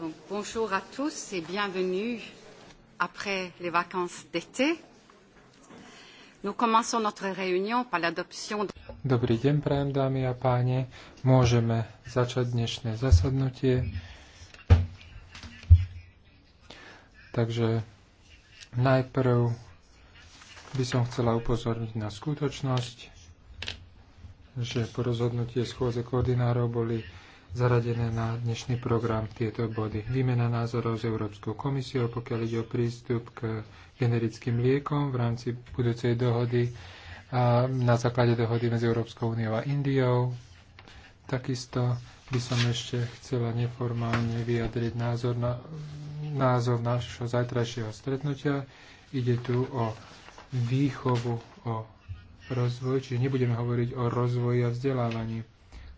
Donc, bonjour à tous et bienvenue après les vacances d'été. Nous commençons notre réunion par l'adoption de... Dobrý deň, prajem dámy a páni. Môžeme začať dnešné zasadnutie. Takže najprv by som chcela upozorniť na skutočnosť, že po rozhodnutí schôdze koordinárov boli zaradené na dnešný program tieto body. Výmena názorov s Európskou komisiou, pokiaľ ide o prístup k generickým liekom v rámci budúcej dohody a na základe dohody medzi Európskou úniou a Indiou. Takisto by som ešte chcela neformálne vyjadriť názor na, názov nášho zajtrajšieho stretnutia. Ide tu o výchovu, o rozvoj, čiže nebudeme hovoriť o rozvoji a vzdelávaní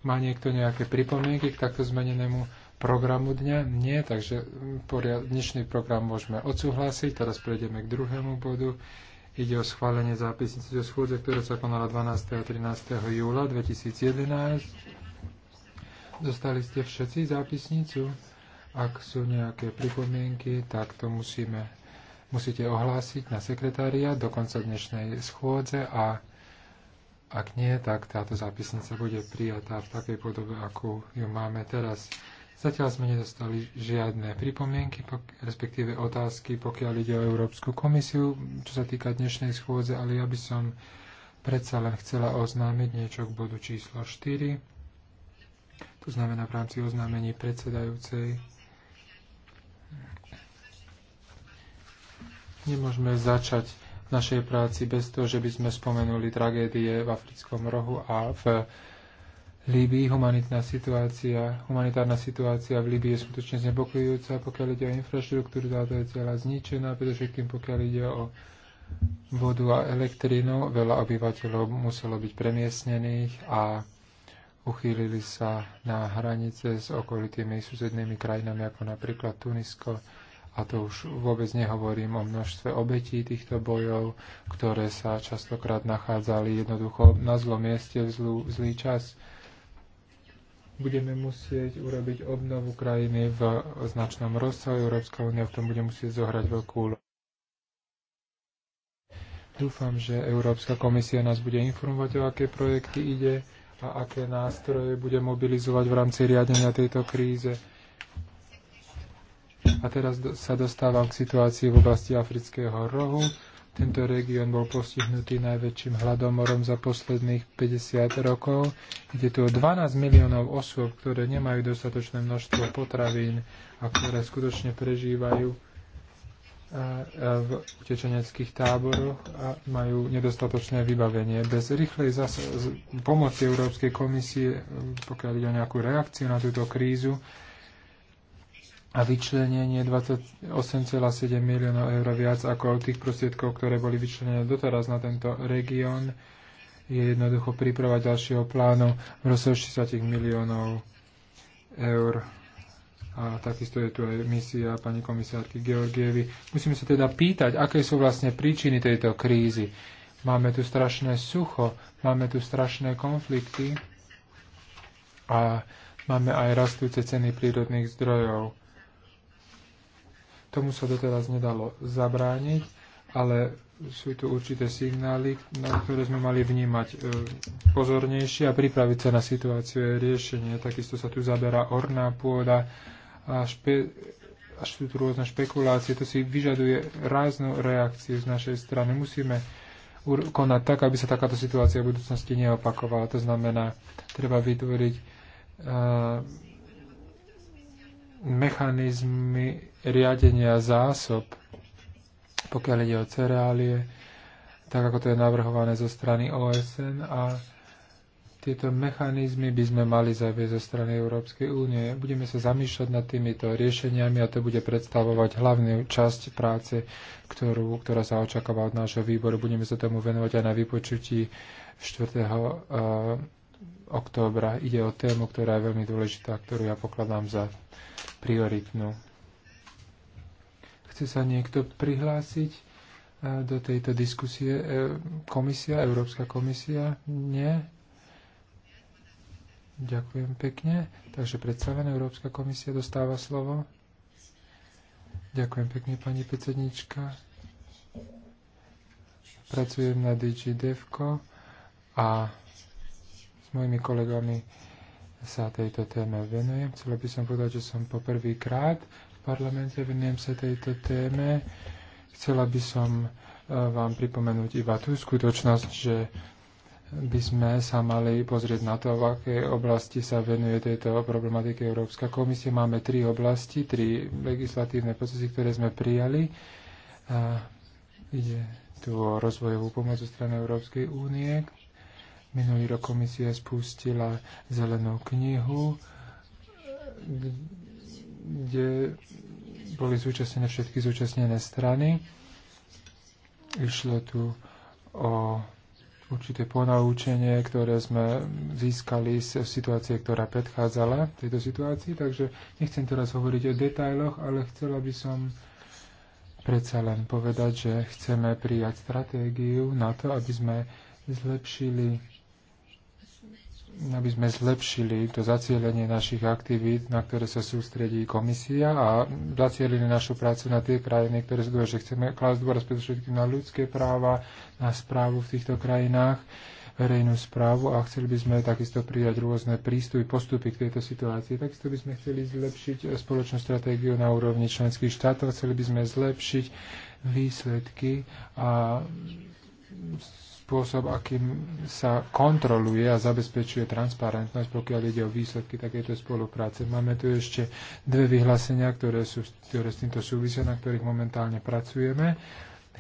má niekto nejaké pripomienky k takto zmenenému programu dňa? Nie, takže dnešný program môžeme odsúhlasiť. Teraz prejdeme k druhému bodu. Ide o schválenie zápisnice do schôdze, ktorá sa konala 12. a 13. júla 2011. Dostali ste všetci zápisnicu? Ak sú nejaké pripomienky, tak to musíme, musíte ohlásiť na sekretária do konca dnešnej schôdze a ak nie, tak táto zápisnica bude prijatá v takej podobe, ako ju máme teraz. Zatiaľ sme nedostali žiadne pripomienky, respektíve otázky, pokiaľ ide o Európsku komisiu, čo sa týka dnešnej schôdze, ale ja by som predsa len chcela oznámiť niečo k bodu číslo 4. To znamená v rámci oznámení predsedajúcej. Nemôžeme začať našej práci bez toho, že by sme spomenuli tragédie v Africkom rohu a v Líbii. Humanitná situácia, humanitárna situácia v Líbii je skutočne znepokojujúca, pokiaľ ide o infraštruktúru, táto je celá zničená, kým pokiaľ ide o vodu a elektrínu. Veľa obyvateľov muselo byť premiestnených a uchýlili sa na hranice s okolitými susednými krajinami, ako napríklad Tunisko, a to už vôbec nehovorím o množstve obetí týchto bojov, ktoré sa častokrát nachádzali jednoducho na zlom mieste v, zlú, v zlý čas. Budeme musieť urobiť obnovu krajiny v značnom rozsahu. Európska únia v tom bude musieť zohrať veľkú úlohu. Dúfam, že Európska komisia nás bude informovať, o aké projekty ide a aké nástroje bude mobilizovať v rámci riadenia tejto kríze. A teraz sa dostávam k situácii v oblasti Afrického rohu. Tento región bol postihnutý najväčším hladomorom za posledných 50 rokov. Ide tu o 12 miliónov osôb, ktoré nemajú dostatočné množstvo potravín a ktoré skutočne prežívajú v utečeneckých táboroch a majú nedostatočné vybavenie. Bez rýchlej pomoci Európskej komisie, pokiaľ ide o nejakú reakciu na túto krízu, a vyčlenenie 28,7 miliónov eur viac ako tých prostriedkov, ktoré boli vyčlenené doteraz na tento región, je jednoducho príprava ďalšieho plánu v rozsahu 60 miliónov eur. A takisto je tu aj misia pani komisárky Georgievi. Musíme sa teda pýtať, aké sú vlastne príčiny tejto krízy. Máme tu strašné sucho, máme tu strašné konflikty a máme aj rastúce ceny prírodných zdrojov Tomu sa doteraz nedalo zabrániť, ale sú tu určité signály, na ktoré sme mali vnímať e, pozornejšie a pripraviť sa na situáciu a riešenie. Takisto sa tu zaberá orná pôda a špe, až sú tu rôzne špekulácie. To si vyžaduje ráznu reakciu z našej strany. Musíme konať tak, aby sa takáto situácia v budúcnosti neopakovala. To znamená, treba vytvoriť uh, mechanizmy riadenia zásob, pokiaľ ide o cereálie, tak ako to je navrhované zo strany OSN a tieto mechanizmy by sme mali zaviesť zo strany Európskej únie. Budeme sa zamýšľať nad týmito riešeniami a to bude predstavovať hlavnú časť práce, ktorú, ktorá sa očakáva od nášho výboru. Budeme sa tomu venovať aj na vypočutí 4. Eh, októbra. Ide o tému, ktorá je veľmi dôležitá, ktorú ja pokladám za prioritnú. Chce sa niekto prihlásiť e, do tejto diskusie? E, komisia, Európska komisia? Nie? Ďakujem pekne. Takže predstavená Európska komisia dostáva slovo. Ďakujem pekne, pani predsednička. Pracujem na DG a s mojimi kolegami sa tejto téme venujem. Chcela by som povedať, že som poprvýkrát v parlamente venujem sa tejto téme. Chcela by som e, vám pripomenúť iba tú skutočnosť, že by sme sa mali pozrieť na to, v akej oblasti sa venuje tejto problematike Európska komisia. Máme tri oblasti, tri legislatívne procesy, ktoré sme prijali. A ide tu o rozvojovú pomoc zo strany Európskej únie, Minulý rok komisia spustila zelenú knihu, kde boli zúčastnené všetky zúčastnené strany. Išlo tu o určité ponaučenie, ktoré sme získali z situácie, ktorá predchádzala tejto situácii. Takže nechcem teraz hovoriť o detailoch, ale chcela by som predsa len povedať, že chceme prijať stratégiu na to, aby sme zlepšili aby sme zlepšili to zacielenie našich aktivít, na ktoré sa sústredí komisia a zacielili našu prácu na tie krajiny, ktoré sú dôležité. Chceme klásť dôraz predovšetkým na ľudské práva, na správu v týchto krajinách, verejnú správu a chceli by sme takisto prijať rôzne prístupy, postupy k tejto situácii. Takisto by sme chceli zlepšiť spoločnú stratégiu na úrovni členských štátov, chceli by sme zlepšiť výsledky a spôsob, akým sa kontroluje a zabezpečuje transparentnosť, pokiaľ ide o výsledky takéto spolupráce. Máme tu ešte dve vyhlásenia, ktoré, sú, ktoré s týmto súvisia, na ktorých momentálne pracujeme.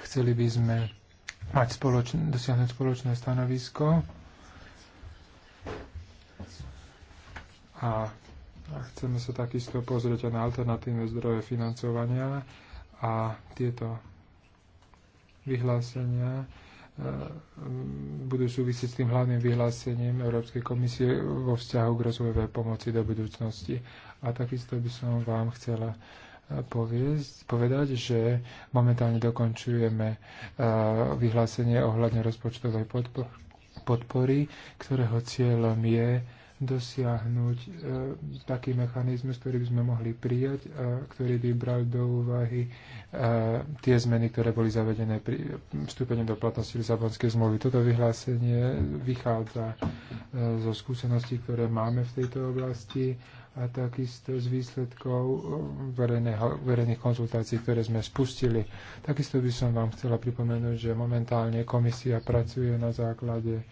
Chceli by sme mať spoločn- dosiahnuť spoločné stanovisko a chceme sa takisto pozrieť aj na alternatívne zdroje financovania a tieto vyhlásenia Ehm, budú súvisieť s tým hlavným vyhlásením Európskej komisie vo vzťahu k rozvojovej pomoci do budúcnosti. A takisto by som vám chcela e, poviesť, povedať, že momentálne dokončujeme e, vyhlásenie ohľadne rozpočtovej podpory, ktorého cieľom je dosiahnuť e, taký mechanizmus, ktorý by sme mohli prijať, a ktorý by bral do úvahy e, tie zmeny, ktoré boli zavedené pri vstúpení do platnosti Lisabonskej zmluvy. Toto vyhlásenie vychádza e, zo skúseností, ktoré máme v tejto oblasti a takisto z výsledkov e, verejného, verejných konzultácií, ktoré sme spustili. Takisto by som vám chcela pripomenúť, že momentálne komisia pracuje na základe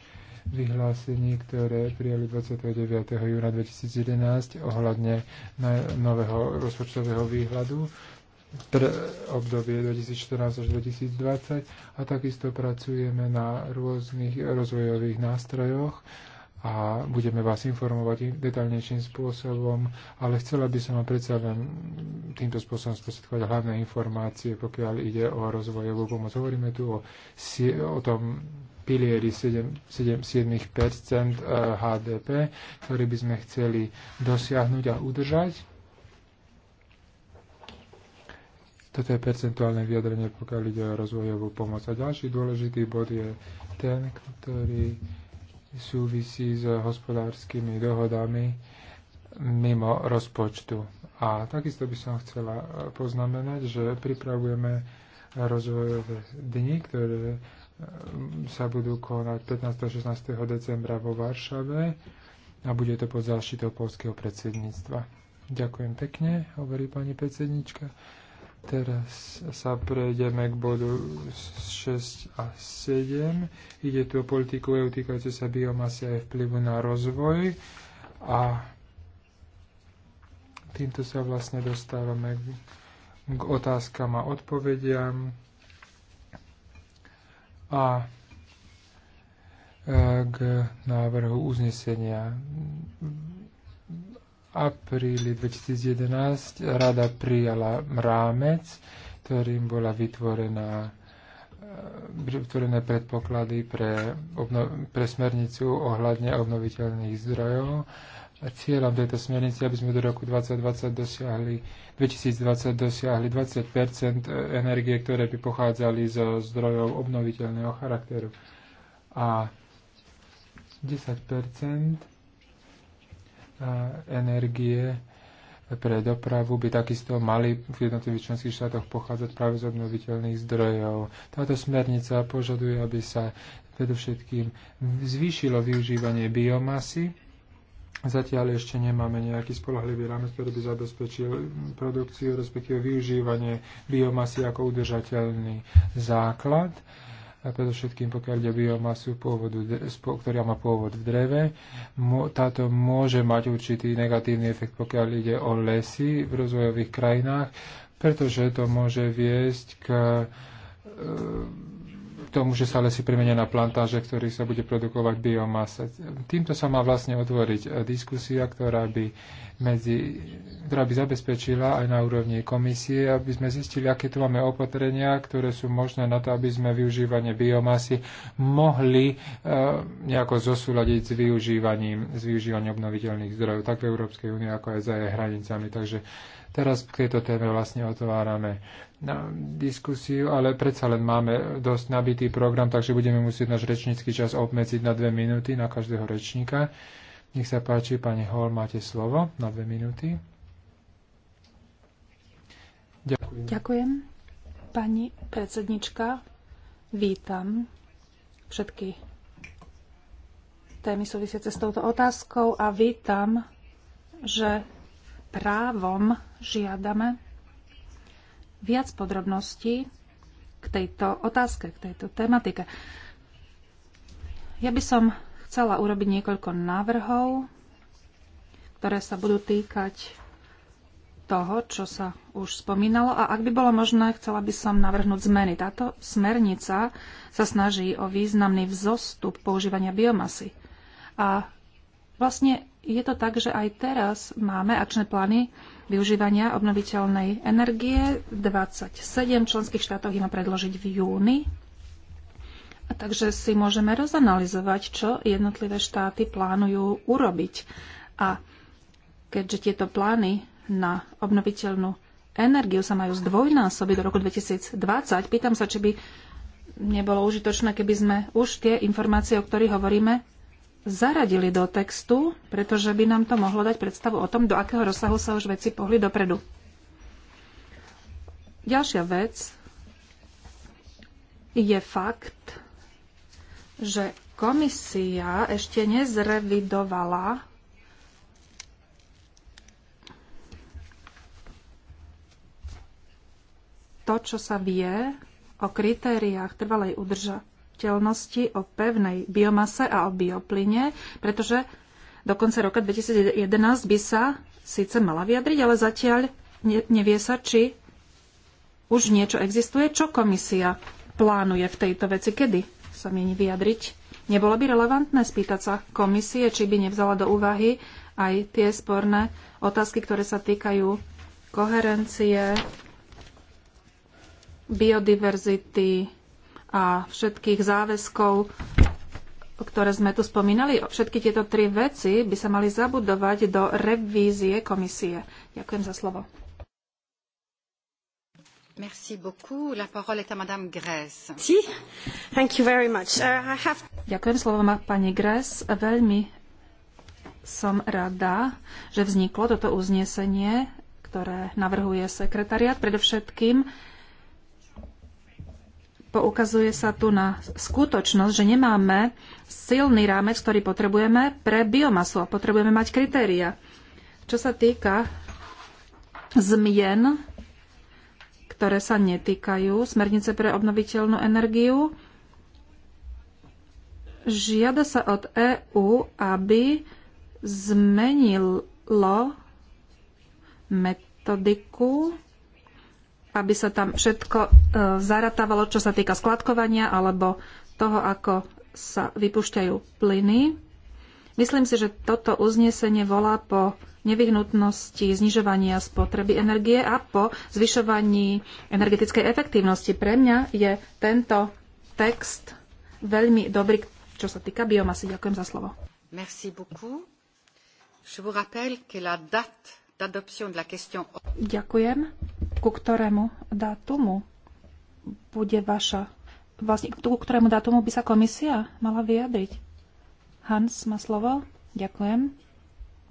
vyhlásení, ktoré prijali 29. júna 2011 ohľadne nového rozpočtového výhľadu pre obdobie 2014 až 2020 a takisto pracujeme na rôznych rozvojových nástrojoch a budeme vás informovať detaľnejším spôsobom, ale chcela by som vám predsa len týmto spôsobom sprostredkovať hlavné informácie, pokiaľ ide o rozvojovú pomoc. Hovoríme tu o, o tom pilieri 7, 7, HDP, ktorý by sme chceli dosiahnuť a udržať. Toto je percentuálne vyjadrenie, pokiaľ ide o rozvojovú pomoc. A ďalší dôležitý bod je ten, ktorý súvisí s hospodárskymi dohodami mimo rozpočtu. A takisto by som chcela e, poznamenať, že pripravujeme rozvojové dni, ktoré e, sa budú konať 15. a 16. decembra vo Varšave a bude to pod záštitou polského predsedníctva. Ďakujem pekne, hovorí pani predsednička. Teraz sa prejdeme k bodu 6 a 7. Ide tu o politiku EU týkajúce sa biomasy a vplyvu na rozvoj. A týmto sa vlastne dostávame k, k otázkam a odpovediam. A e, k návrhu uznesenia apríli 2011 rada prijala rámec, ktorým bola vytvorená e, vytvorené predpoklady pre, obno, pre smernicu ohľadne obnoviteľných zdrojov. Cieľom tejto smernice, aby sme do roku 2020 dosiahli, 2020 dosiahli 20 energie, ktoré by pochádzali zo zdrojov obnoviteľného charakteru a 10 energie pre dopravu by takisto mali v jednotlivých členských štátoch pochádzať práve z obnoviteľných zdrojov. Táto smernica požaduje, aby sa predovšetkým zvýšilo využívanie biomasy. Zatiaľ ešte nemáme nejaký spolahlivý rámec, ktorý by zabezpečil produkciu, respektíve využívanie biomasy ako udržateľný základ a predovšetkým pokiaľ ide biomasu, pôvodu, ktorá má pôvod v dreve. Táto môže mať určitý negatívny efekt, pokiaľ ide o lesy v rozvojových krajinách, pretože to môže viesť k k tomu, že sa lesy premenia na plantáže, ktorý sa bude produkovať biomasa. Týmto sa má vlastne otvoriť eh, diskusia, ktorá by, medzi, ktorá by zabezpečila aj na úrovni komisie, aby sme zistili, aké tu máme opatrenia, ktoré sú možné na to, aby sme využívanie biomasy mohli eh, nejako zosúľadiť s využívaním, s využívaním obnoviteľných zdrojov, tak v Európskej únie, ako aj za jej hranicami. Takže Teraz k tejto téme vlastne otvárame na no, diskusiu, ale predsa len máme dosť nabitý program, takže budeme musieť náš rečnícky čas obmedziť na dve minúty na každého rečníka. Nech sa páči, pani Hol, máte slovo na dve minúty. Ďakujem. Ďakujem. Pani predsednička, vítam všetky témy súvisiace s touto otázkou a vítam, že právom žiadame viac podrobností k tejto otázke, k tejto tematike. Ja by som chcela urobiť niekoľko návrhov, ktoré sa budú týkať toho, čo sa už spomínalo. A ak by bolo možné, chcela by som navrhnúť zmeny. Táto smernica sa snaží o významný vzostup používania biomasy. A vlastne je to tak, že aj teraz máme akčné plány využívania obnoviteľnej energie. 27 členských štátov ich má predložiť v júni. A takže si môžeme rozanalizovať, čo jednotlivé štáty plánujú urobiť. A keďže tieto plány na obnoviteľnú energiu sa majú zdvojnásobiť do roku 2020, pýtam sa, či by nebolo užitočné, keby sme už tie informácie, o ktorých hovoríme, zaradili do textu, pretože by nám to mohlo dať predstavu o tom, do akého rozsahu sa už veci pohli dopredu. Ďalšia vec je fakt, že komisia ešte nezrevidovala to, čo sa vie o kritériách trvalej udrža- zrozumiteľnosti o pevnej biomase a o bioplyne, pretože do konca roka 2011 by sa síce mala vyjadriť, ale zatiaľ nevie sa, či už niečo existuje. Čo komisia plánuje v tejto veci? Kedy sa mieni vyjadriť? Nebolo by relevantné spýtať sa komisie, či by nevzala do úvahy aj tie sporné otázky, ktoré sa týkajú koherencie, biodiverzity, a všetkých záväzkov, ktoré sme tu spomínali. Všetky tieto tri veci by sa mali zabudovať do revízie komisie. Ďakujem za slovo. Merci beaucoup. La parole est à Madame Grèce. Si? Thank you very much. Uh, I have... Ďakujem, slovo má pani Grèce. Veľmi som rada, že vzniklo toto uznesenie, ktoré navrhuje sekretariat. Predovšetkým uh, poukazuje sa tu na skutočnosť, že nemáme silný rámec, ktorý potrebujeme pre biomasu a potrebujeme mať kritéria. Čo sa týka zmien, ktoré sa netýkajú smernice pre obnoviteľnú energiu, žiada sa od EÚ, aby zmenilo metodiku aby sa tam všetko e, zaratávalo, čo sa týka skladkovania alebo toho, ako sa vypúšťajú plyny. Myslím si, že toto uznesenie volá po nevyhnutnosti znižovania spotreby energie a po zvyšovaní energetickej efektívnosti. Pre mňa je tento text veľmi dobrý, čo sa týka biomasy. Ďakujem za slovo. Merci beaucoup. Je vous rappelle que la date Ďakujem. Ku ktorému dátumu bude vaša... Vlastne, ku ktorému dátumu by sa komisia mala vyjadriť? Hans má slovo. Ďakujem.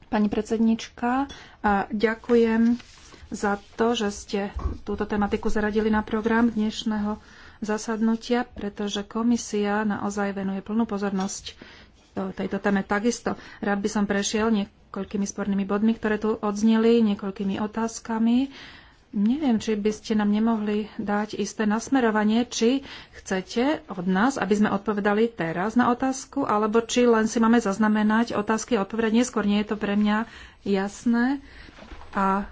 Pani predsednička, a ďakujem za to, že ste túto tematiku zaradili na program dnešného zasadnutia, pretože komisia naozaj venuje plnú pozornosť tejto téme takisto. Rád by som prešiel niekoľkými spornými bodmi, ktoré tu odzneli, niekoľkými otázkami. Neviem, či by ste nám nemohli dať isté nasmerovanie, či chcete od nás, aby sme odpovedali teraz na otázku, alebo či len si máme zaznamenať otázky a odpovedať neskôr. Nie je to pre mňa jasné. A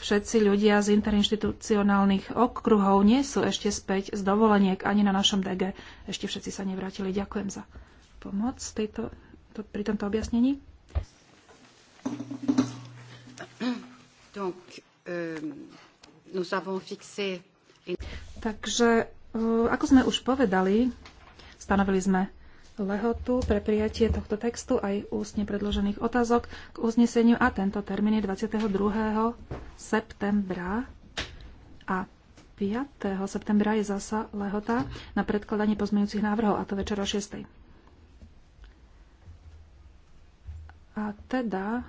všetci ľudia z interinstitucionálnych okruhov nie sú ešte späť z dovoleniek ani na našom DG. Ešte všetci sa nevrátili. Ďakujem za pomoc tejto, to, pri tomto objasnení? Donc, euh, nous avons fixé... Takže, euh, ako sme už povedali, stanovili sme lehotu pre prijatie tohto textu aj ústne predložených otázok k uzneseniu a tento termín je 22. septembra a 5. septembra je zasa lehota na predkladanie pozmeňujúcich návrhov a to večer o 6. A teda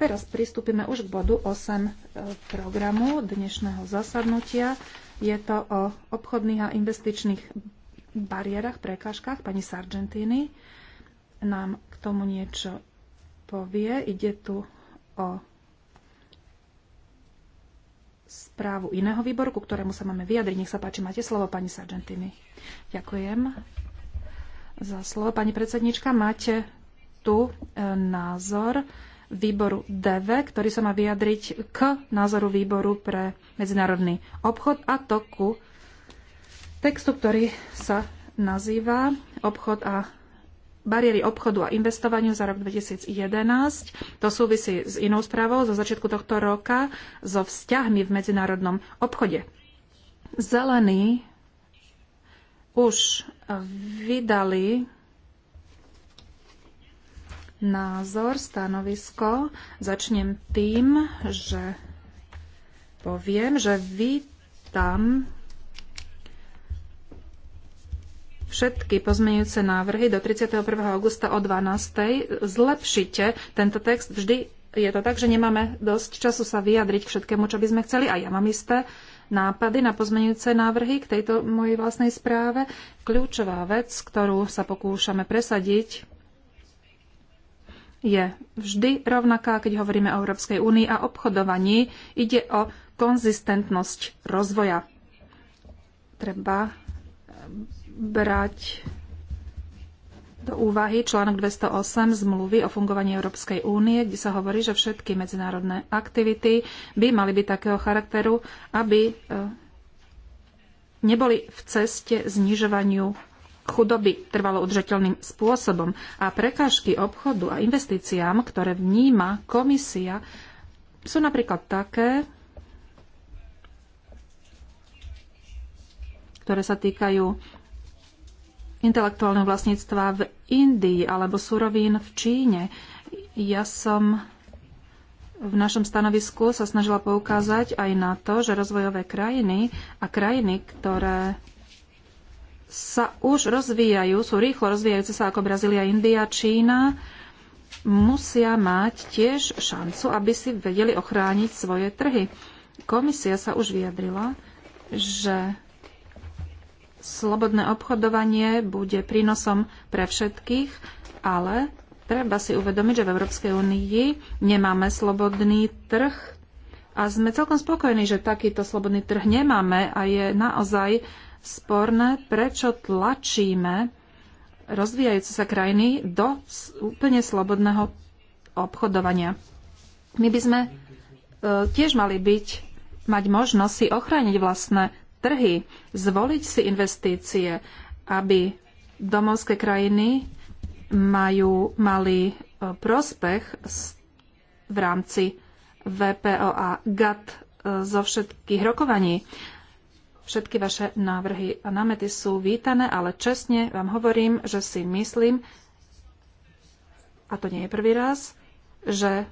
teraz pristúpime už k bodu 8 e, programu dnešného zasadnutia. Je to o obchodných a investičných bariérach, prekážkach. Pani Sargentini nám k tomu niečo povie. Ide tu o správu iného výboru, ku ktorému sa máme vyjadriť. Nech sa páči, máte slovo, pani Sargentini. Ďakujem za slovo. Pani predsednička, máte tu e, názor výboru DV, ktorý sa má vyjadriť k názoru výboru pre medzinárodný obchod a to ku textu, ktorý sa nazýva obchod a bariéry obchodu a investovaniu za rok 2011. To súvisí s inou správou zo začiatku tohto roka so vzťahmi v medzinárodnom obchode. Zelení už vydali názor, stanovisko. Začnem tým, že poviem, že vítam všetky pozmeňujúce návrhy do 31. augusta o 12. Zlepšite tento text. Vždy je to tak, že nemáme dosť času sa vyjadriť k všetkému, čo by sme chceli. A ja mám isté nápady na pozmeňujúce návrhy k tejto mojej vlastnej správe. Kľúčová vec, ktorú sa pokúšame presadiť je vždy rovnaká, keď hovoríme o Európskej únii a obchodovaní. Ide o konzistentnosť rozvoja. Treba eh, brať do úvahy článok 208 zmluvy o fungovaní Európskej únie, kde sa hovorí, že všetky medzinárodné aktivity by mali byť takého charakteru, aby eh, neboli v ceste znižovaniu chudoby trvalo udržateľným spôsobom a prekážky obchodu a investíciám, ktoré vníma komisia, sú napríklad také, ktoré sa týkajú intelektuálneho vlastníctva v Indii alebo surovín v Číne. Ja som v našom stanovisku sa snažila poukázať aj na to, že rozvojové krajiny a krajiny, ktoré sa už rozvíjajú, sú rýchlo rozvíjajúce sa ako Brazília, India, Čína, musia mať tiež šancu, aby si vedeli ochrániť svoje trhy. Komisia sa už vyjadrila, že slobodné obchodovanie bude prínosom pre všetkých, ale treba si uvedomiť, že v Európskej únii nemáme slobodný trh a sme celkom spokojní, že takýto slobodný trh nemáme a je naozaj sporné, prečo tlačíme rozvíjajúce sa krajiny do úplne slobodného obchodovania. My by sme e, tiež mali byť, mať možnosť si ochrániť vlastné trhy, zvoliť si investície, aby domovské krajiny majú, mali e, prospech v rámci VPO a GATT e, zo všetkých rokovaní. Všetky vaše návrhy a námety sú vítané, ale čestne vám hovorím, že si myslím, a to nie je prvý raz, že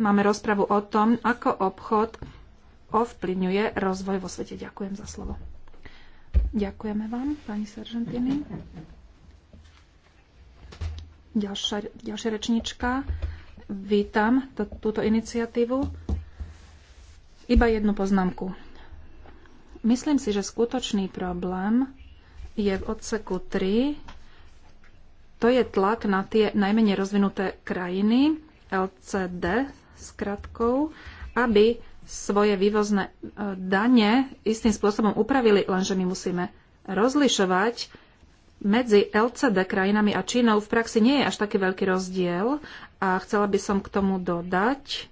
máme rozpravu o tom, ako obchod ovplyvňuje rozvoj vo svete. Ďakujem za slovo. Ďakujeme vám, pani seržantiny. Ďalšia, ďalšia rečnička. Vítam to, túto iniciatívu. Iba jednu poznámku Myslím si, že skutočný problém je v odseku 3. To je tlak na tie najmenej rozvinuté krajiny, LCD s kratkou, aby svoje vývozné e, dane istým spôsobom upravili, lenže my musíme rozlišovať medzi LCD krajinami a Čínou v praxi nie je až taký veľký rozdiel a chcela by som k tomu dodať,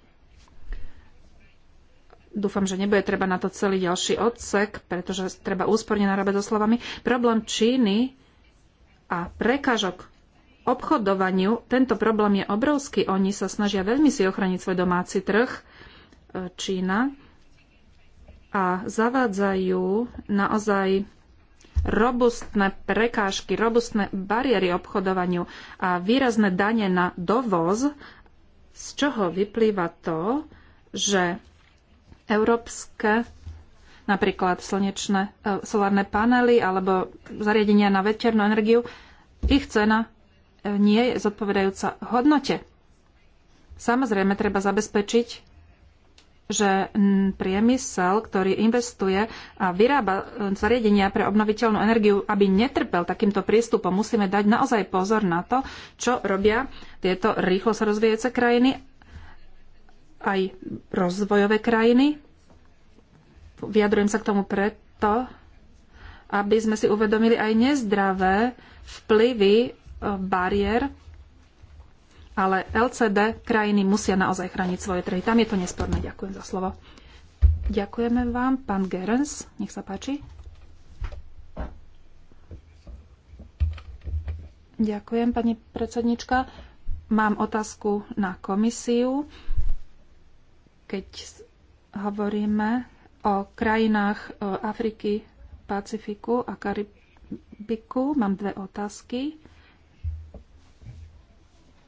Dúfam, že nebude treba na to celý ďalší odsek, pretože treba úsporne narábať so slovami. Problém Číny a prekážok obchodovaniu, tento problém je obrovský. Oni sa snažia veľmi si ochraniť svoj domáci trh, e, Čína, a zavádzajú naozaj robustné prekážky, robustné bariéry obchodovaniu a výrazné dane na dovoz, z čoho vyplýva to, že európske napríklad slnečné, e, solárne panely alebo zariadenia na veternú energiu, ich cena e, nie je zodpovedajúca hodnote. Samozrejme, treba zabezpečiť, že priemysel, ktorý investuje a vyrába e, zariadenia pre obnoviteľnú energiu, aby netrpel takýmto prístupom, musíme dať naozaj pozor na to, čo robia tieto rýchlo sa rozvíjajúce krajiny aj rozvojové krajiny. Vyjadrujem sa k tomu preto, aby sme si uvedomili aj nezdravé vplyvy e, bariér, ale LCD krajiny musia naozaj chrániť svoje trhy. Tam je to nesporné. Ďakujem za slovo. Ďakujeme vám, pán Gerens. Nech sa páči. Ďakujem, pani predsednička. Mám otázku na komisiu. Keď hovoríme o krajinách e, Afriky, Pacifiku a Karibiku, mám dve otázky.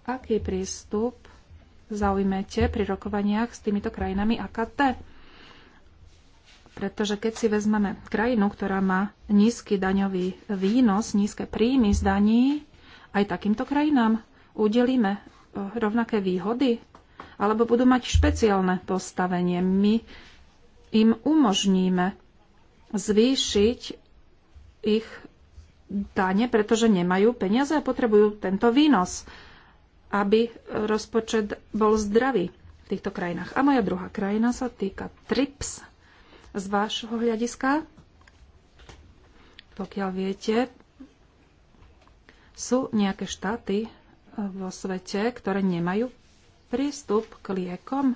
Aký prístup zaujmete pri rokovaniach s týmito krajinami AKT? Pretože keď si vezmeme krajinu, ktorá má nízky daňový výnos, nízke príjmy z daní, aj takýmto krajinám udelíme e, rovnaké výhody alebo budú mať špeciálne postavenie. My im umožníme zvýšiť ich dane, pretože nemajú peniaze a potrebujú tento výnos, aby rozpočet bol zdravý v týchto krajinách. A moja druhá krajina sa týka TRIPS z vášho hľadiska. Pokiaľ viete, sú nejaké štáty vo svete, ktoré nemajú prístup k liekom,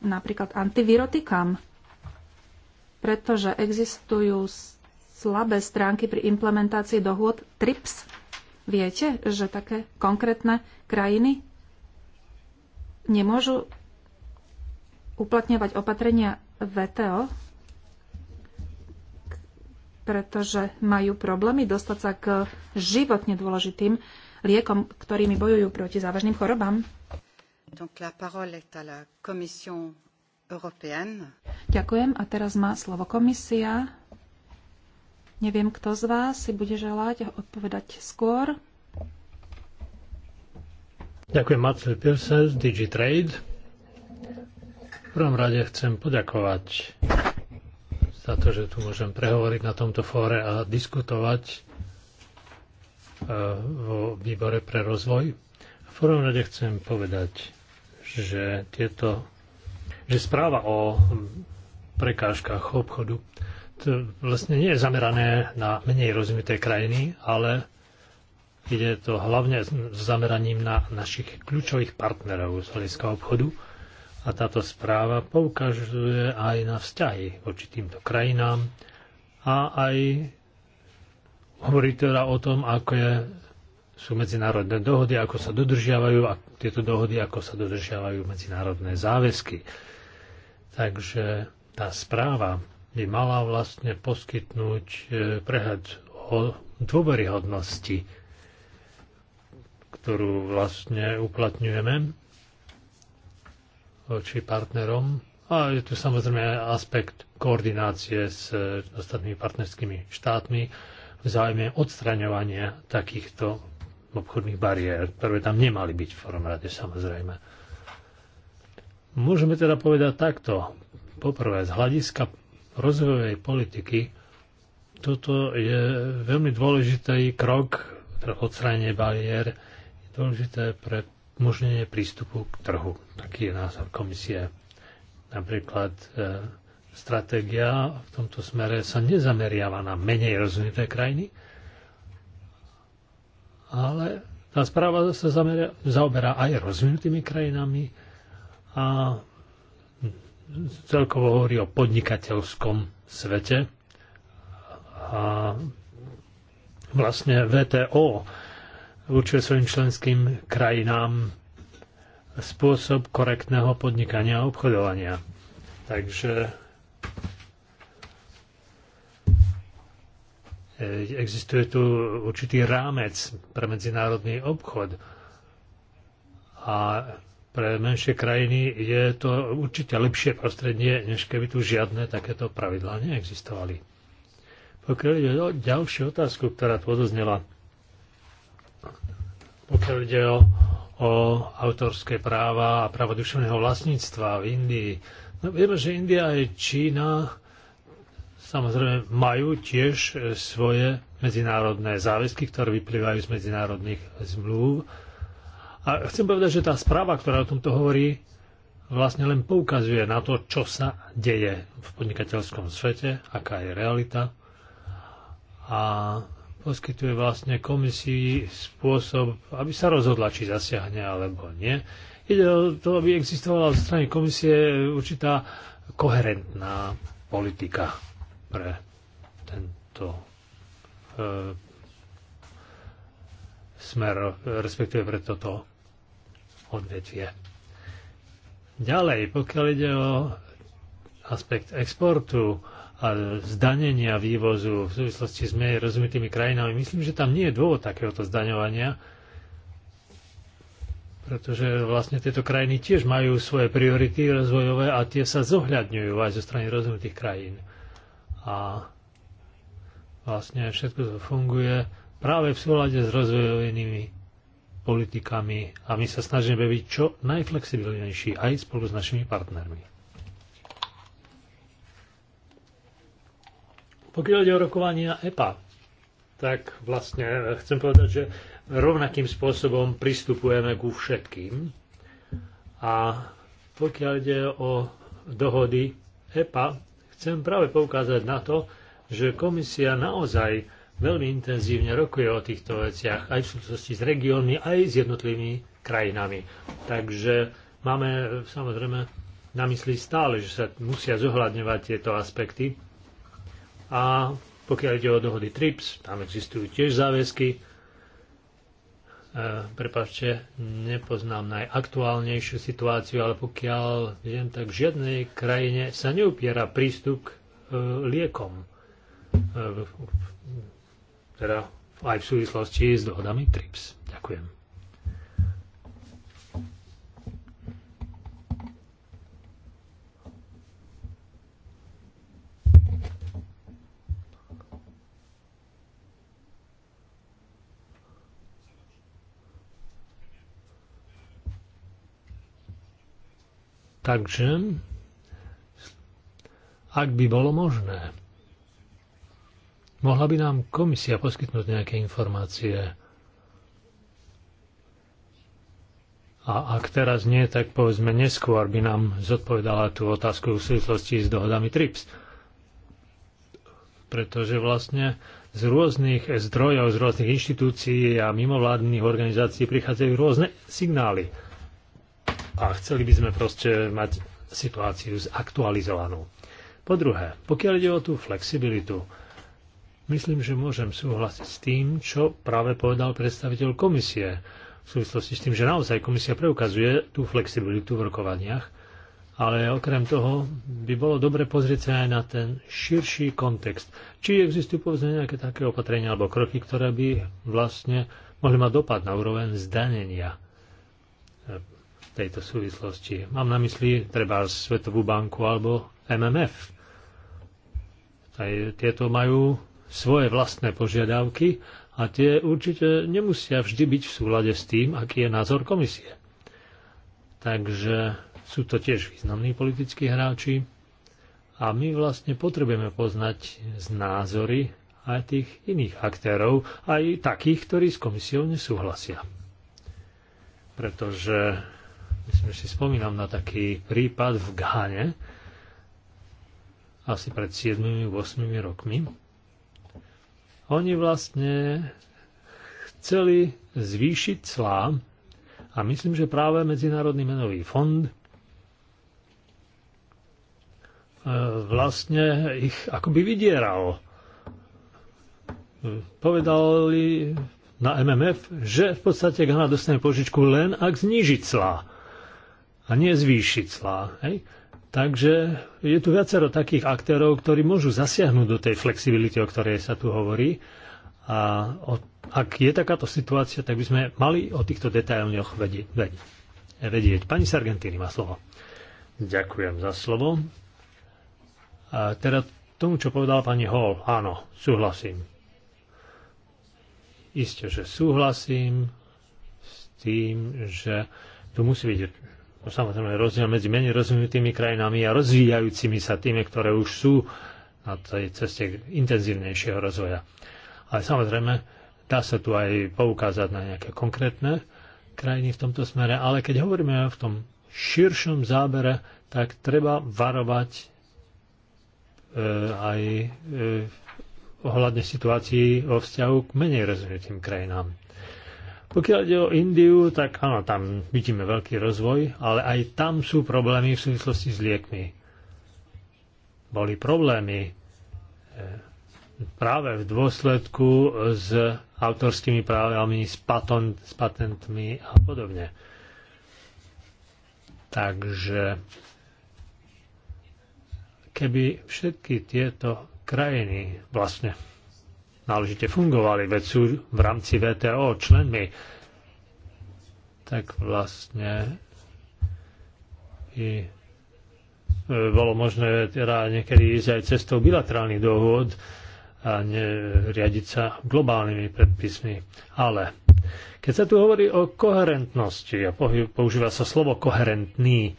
napríklad antivirotikám, pretože existujú slabé stránky pri implementácii dohôd TRIPS. Viete, že také konkrétne krajiny nemôžu uplatňovať opatrenia VTO, pretože majú problémy dostať sa k životne dôležitým liekom, ktorými bojujú proti závažným chorobám. Ďakujem a teraz má slovo komisia. Neviem, kto z vás si bude želať odpovedať skôr. Ďakujem, Marcel z DigiTrade. V prvom rade chcem poďakovať za to, že tu môžem prehovoriť na tomto fóre a diskutovať e, vo výbore pre rozvoj. V prvom rade chcem povedať, že, tieto, že správa o prekážkach obchodu to vlastne nie je zamerané na menej rozvinuté krajiny, ale ide to hlavne s zameraním na našich kľúčových partnerov z hľadiska obchodu. A táto správa poukazuje aj na vzťahy voči týmto krajinám a aj hovorí teda o tom, ako je sú medzinárodné dohody, ako sa dodržiavajú a tieto dohody, ako sa dodržiavajú medzinárodné záväzky. Takže tá správa by mala vlastne poskytnúť e, prehľad o dôveryhodnosti, ktorú vlastne uplatňujeme voči partnerom. A je tu samozrejme aspekt koordinácie s ostatnými partnerskými štátmi v záujme odstraňovania takýchto obchodných bariér, ktoré tam nemali byť v prvom rade samozrejme. Môžeme teda povedať takto. Poprvé, z hľadiska rozvojovej politiky toto je veľmi dôležitý krok, pre odstránenie bariér, je dôležité pre umožnenie prístupu k trhu. Taký je názor komisie. Napríklad e, stratégia v tomto smere sa nezameriava na menej rozvinuté krajiny, ale tá správa sa zameria, zaoberá aj rozvinutými krajinami a celkovo hovorí o podnikateľskom svete. A vlastne VTO určuje svojim členským krajinám spôsob korektného podnikania a obchodovania. Takže E, existuje tu určitý rámec pre medzinárodný obchod a pre menšie krajiny je to určite lepšie prostredie, než keby tu žiadne takéto pravidlá neexistovali. Pokiaľ ide o ďalšiu otázku, ktorá tu odoznela, pokiaľ ide o, o autorské práva a práva duševného vlastníctva v Indii, no vieme, že India aj Čína samozrejme majú tiež e, svoje medzinárodné záväzky, ktoré vyplývajú z medzinárodných zmluv. A chcem povedať, že tá správa, ktorá o tomto hovorí, vlastne len poukazuje na to, čo sa deje v podnikateľskom svete, aká je realita a poskytuje vlastne komisii spôsob, aby sa rozhodla, či zasiahne alebo nie. Ide o to, aby existovala zo strany komisie určitá koherentná politika pre tento e, smer, respektíve pre toto odvetvie. Ďalej, pokiaľ ide o aspekt exportu a zdanenia vývozu v súvislosti s menej rozumitými krajinami, myslím, že tam nie je dôvod takéhoto zdaňovania, pretože vlastne tieto krajiny tiež majú svoje priority rozvojové a tie sa zohľadňujú aj zo strany rozumitých krajín a vlastne všetko to funguje práve v súlade s rozvojovými politikami a my sa snažíme byť čo najflexibilnejší aj spolu s našimi partnermi. Pokiaľ ide o rokovanie na EPA, tak vlastne chcem povedať, že rovnakým spôsobom pristupujeme ku všetkým. A pokiaľ ide o dohody EPA, Chcem práve poukázať na to, že komisia naozaj veľmi intenzívne rokuje o týchto veciach aj v súvislosti s regiónmi, aj s jednotlivými krajinami. Takže máme samozrejme na mysli stále, že sa musia zohľadňovať tieto aspekty. A pokiaľ ide o dohody TRIPS, tam existujú tiež záväzky, E, prepáčte, nepoznám najaktuálnejšiu situáciu, ale pokiaľ viem, tak v žiadnej krajine sa neupiera prístup k e, liekom. E, teda aj v súvislosti s dohodami TRIPS. Ďakujem. Takže, ak by bolo možné, mohla by nám komisia poskytnúť nejaké informácie. A ak teraz nie, tak povedzme neskôr by nám zodpovedala tú otázku v súvislosti s dohodami TRIPS. Pretože vlastne z rôznych zdrojov, z rôznych inštitúcií a mimovládnych organizácií prichádzajú rôzne signály a chceli by sme proste mať situáciu zaktualizovanú. Po druhé, pokiaľ ide o tú flexibilitu, myslím, že môžem súhlasiť s tým, čo práve povedal predstaviteľ komisie v súvislosti s tým, že naozaj komisia preukazuje tú flexibilitu v rokovaniach, ale okrem toho by bolo dobre pozrieť sa aj na ten širší kontext. Či existujú povedzme nejaké také opatrenia alebo kroky, ktoré by vlastne mohli mať dopad na úroveň zdanenia tejto súvislosti. Mám na mysli treba Svetovú banku alebo MMF. Aj tieto majú svoje vlastné požiadavky a tie určite nemusia vždy byť v súlade s tým, aký je názor komisie. Takže sú to tiež významní politickí hráči a my vlastne potrebujeme poznať z názory aj tých iných aktérov, aj takých, ktorí s komisiou nesúhlasia. Pretože Myslím, že si spomínam na taký prípad v Ghane, asi pred 7-8 rokmi. Oni vlastne chceli zvýšiť clá a myslím, že práve Medzinárodný menový fond e, vlastne ich akoby vydieral. Povedali na MMF, že v podstate Ghana dostane požičku len ak zníži clá a nie zvýšiť clá. Hej? Takže je tu viacero takých aktérov, ktorí môžu zasiahnuť do tej flexibility, o ktorej sa tu hovorí. A o, ak je takáto situácia, tak by sme mali o týchto detailňoch vedieť. vedieť. Pani Sargentini má slovo. Ďakujem za slovo. A teda tomu, čo povedala pani Hall, áno, súhlasím. Isté, že súhlasím s tým, že tu musí byť No samozrejme rozdiel medzi menej rozvinutými krajinami a rozvíjajúcimi sa tými, ktoré už sú na tej ceste intenzívnejšieho rozvoja. Ale samozrejme, dá sa tu aj poukázať na nejaké konkrétne krajiny v tomto smere, ale keď hovoríme v tom širšom zábere, tak treba varovať e, aj e, ohľadne situácií vo vzťahu k menej rozvinutým krajinám. Pokiaľ ide o Indiu, tak áno, tam vidíme veľký rozvoj, ale aj tam sú problémy v súvislosti s liekmi. Boli problémy e, práve v dôsledku s autorskými právami, s, patent, s patentmi a podobne. Takže keby všetky tieto krajiny vlastne náležite fungovali, veď sú v rámci VTO členmi, tak vlastne i e, bolo možné teda niekedy ísť aj cestou bilaterálnych dohôd a riadiť sa globálnymi predpismi. Ale keď sa tu hovorí o koherentnosti a používa sa slovo koherentný,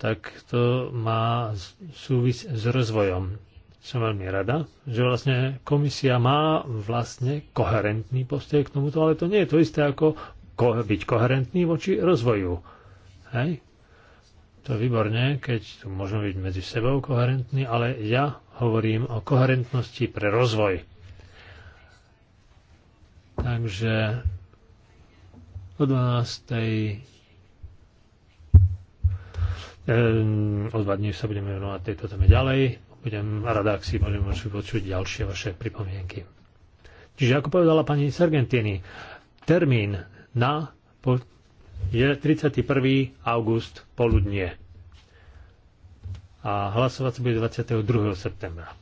tak to má súvisť s rozvojom som veľmi rada, že vlastne komisia má vlastne koherentný postoj k tomuto, ale to nie je to isté ako byť koherentný voči rozvoju. Hej? To je výborne, keď tu môžeme byť medzi sebou koherentní, ale ja hovorím o koherentnosti pre rozvoj. Takže o 12. O dva dní sa budeme venovať tejto téme ďalej budem rada, ak si budem môcť počuť ďalšie vaše pripomienky. Čiže ako povedala pani Sargentini, termín na je 31. august poludnie a hlasovať sa bude 22. septembra.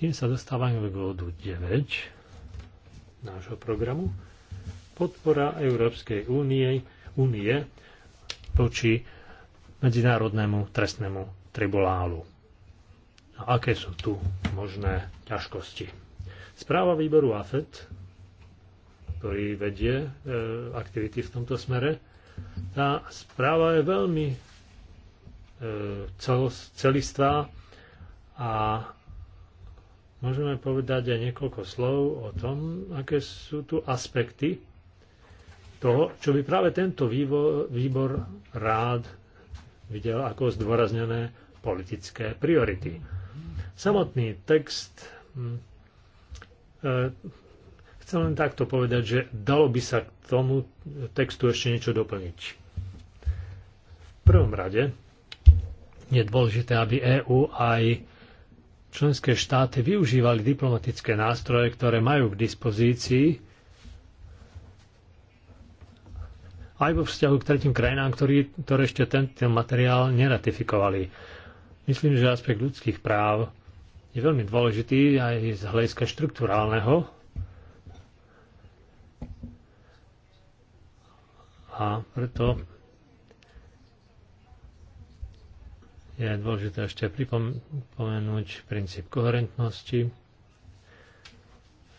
Tým sa dostávame k bodu 9 nášho programu. Podpora Európskej únie, únie voči Medzinárodnému trestnému tribunálu. A aké sú tu možné ťažkosti? Správa výboru AFET, ktorý vedie e, aktivity v tomto smere, tá správa je veľmi e, celistvá a môžeme povedať aj niekoľko slov o tom, aké sú tu aspekty to, čo by práve tento výbor, výbor rád videl ako zdôraznené politické priority. Samotný text hm, e, chcem len takto povedať, že dalo by sa k tomu textu ešte niečo doplniť. V prvom rade je dôležité, aby EÚ aj členské štáty využívali diplomatické nástroje, ktoré majú k dispozícii aj vo vzťahu k tretím krajinám, ktorí, ktoré ešte ten materiál neratifikovali. Myslím, že aspekt ľudských práv je veľmi dôležitý aj z hľadiska štruktúrálneho. A preto je dôležité ešte pripomenúť princíp koherentnosti.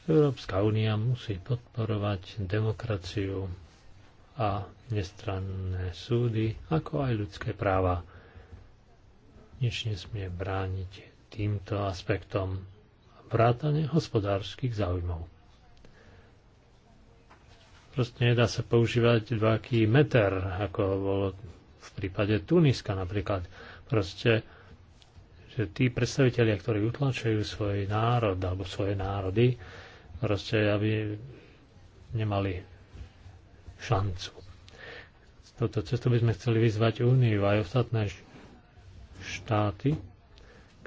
Európska únia musí podporovať demokraciu a nestranné súdy, ako aj ľudské práva. Nič nesmie brániť týmto aspektom vrátane hospodárskych záujmov. Proste nedá sa používať dvaký meter, ako bolo v prípade Tuniska napríklad. Proste, že tí predstavitelia, ktorí utlačujú svoj národ alebo svoje národy, proste aby nemali šancu. Toto cestu by sme chceli vyzvať Úniu aj ostatné štáty,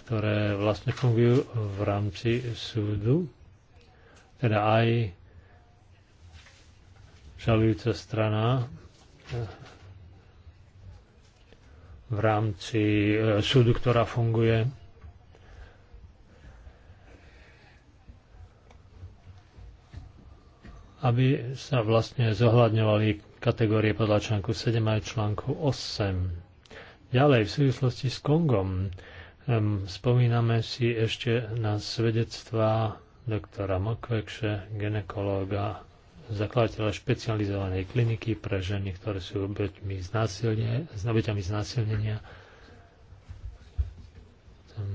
ktoré vlastne fungujú v rámci súdu, teda aj žalujúca strana eh, v rámci eh, súdu, ktorá funguje aby sa vlastne zohľadňovali kategórie podľa článku 7 aj článku 8. Ďalej, v súvislosti s Kongom um, spomíname si ešte na svedectvá doktora Mokvekše, ginekológa, zakladateľa špecializovanej kliniky pre ženy, ktoré sú obeťmi znásilnenia, obeťami znásilnenia. Tam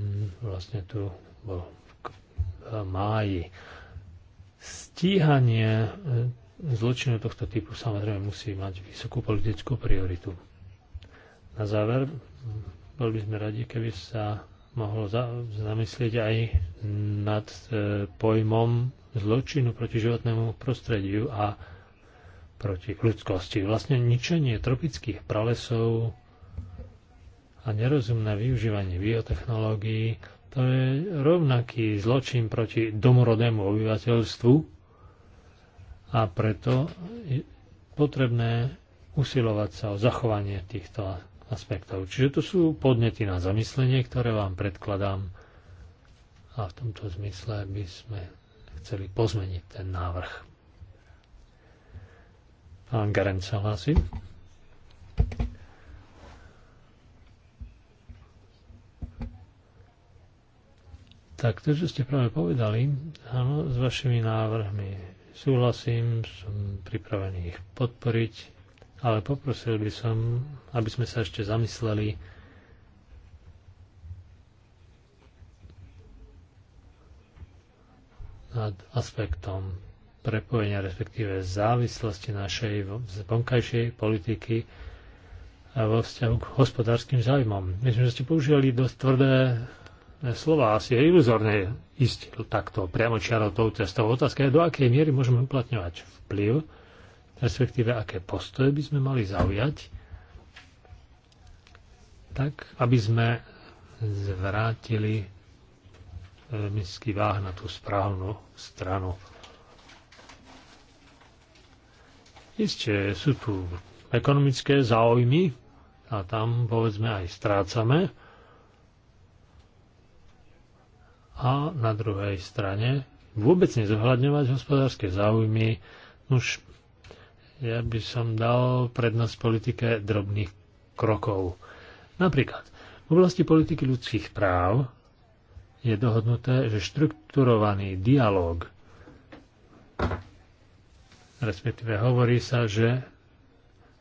vlastne tu bol v máji stíhanie e, zločinu tohto typu samozrejme musí mať vysokú politickú prioritu. Na záver, boli by sme radi, keby sa mohlo zamyslieť aj nad e, pojmom zločinu proti životnému prostrediu a proti ľudskosti. Vlastne ničenie tropických pralesov a nerozumné využívanie biotechnológií to je rovnaký zločin proti domorodému obyvateľstvu a preto je potrebné usilovať sa o zachovanie týchto aspektov. Čiže to sú podnety na zamyslenie, ktoré vám predkladám a v tomto zmysle by sme chceli pozmeniť ten návrh. Pán Garen sa hlási. Tak to, čo ste práve povedali, áno, s vašimi návrhmi súhlasím, som pripravený ich podporiť, ale poprosil by som, aby sme sa ešte zamysleli, nad aspektom prepojenia, respektíve závislosti našej vonkajšej politiky vo vzťahu k hospodárskym záujmom. Myslím, že ste použili dosť tvrdé slova asi je iluzorné ísť takto priamo čiarou tou cestou. Otázka je, do akej miery môžeme uplatňovať vplyv, respektíve aké postoje by sme mali zaujať, tak aby sme zvrátili e, misky váh na tú správnu stranu. Isté sú tu ekonomické záujmy a tam povedzme aj strácame, a na druhej strane vôbec nezohľadňovať hospodárske záujmy. Už ja by som dal prednosť politike drobných krokov. Napríklad, v oblasti politiky ľudských práv je dohodnuté, že štrukturovaný dialog, respektíve hovorí sa, že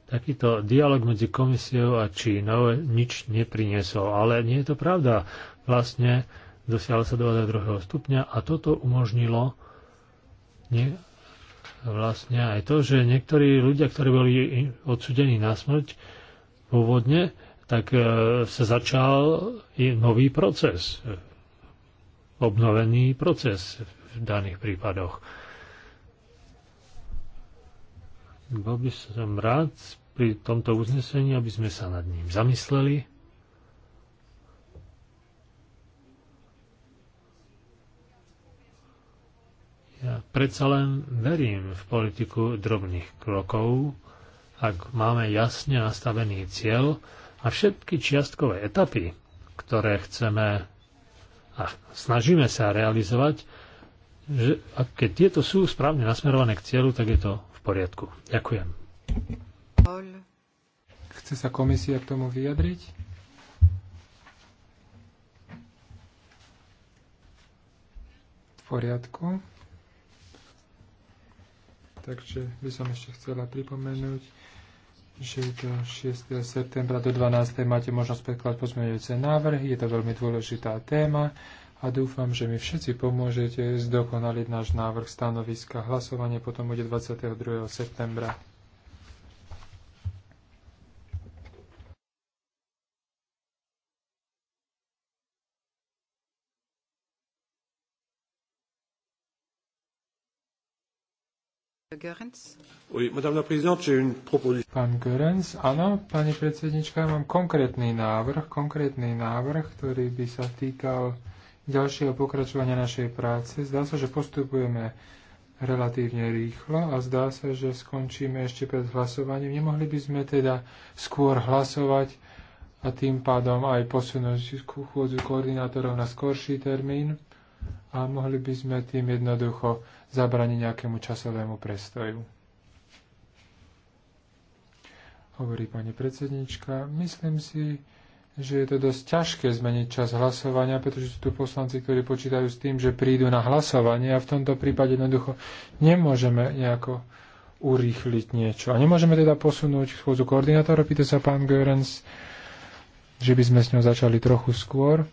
takýto dialog medzi komisiou a Čínou nič nepriniesol. Ale nie je to pravda. Vlastne dosiahol sa 22. druhého stupňa a toto umožnilo nie, vlastne aj to, že niektorí ľudia, ktorí boli odsudení na smrť pôvodne, tak e, sa začal i nový proces, obnovený proces v daných prípadoch. Bol by som rád pri tomto uznesení, aby sme sa nad ním zamysleli Ja predsa len verím v politiku drobných krokov, ak máme jasne nastavený cieľ a všetky čiastkové etapy, ktoré chceme a snažíme sa realizovať, že a keď tieto sú správne nasmerované k cieľu, tak je to v poriadku. Ďakujem. Chce sa komisia k tomu vyjadriť? V poriadku. Takže by som ešte chcela pripomenúť, že to 6. septembra do 12. máte možnosť predkladať pozmeňujúce návrhy. Je to veľmi dôležitá téma a dúfam, že mi všetci pomôžete zdokonaliť náš návrh stanoviska. Hlasovanie potom bude 22. septembra. Pán Görens, áno, pani predsednička, ja mám konkrétny návrh, konkrétny návrh, ktorý by sa týkal ďalšieho pokračovania našej práce. Zdá sa, že postupujeme relatívne rýchlo a zdá sa, že skončíme ešte pred hlasovaním. Nemohli by sme teda skôr hlasovať a tým pádom aj posunúť chôdzu koordinátorov na skorší termín a mohli by sme tým jednoducho zabraniť nejakému časovému prestoju. Hovorí pani predsednička, myslím si, že je to dosť ťažké zmeniť čas hlasovania, pretože sú tu poslanci, ktorí počítajú s tým, že prídu na hlasovanie a v tomto prípade jednoducho nemôžeme nejako urýchliť niečo. A nemôžeme teda posunúť schôdzu koordinátora, pýta sa pán Görens, že by sme s ňou začali trochu skôr.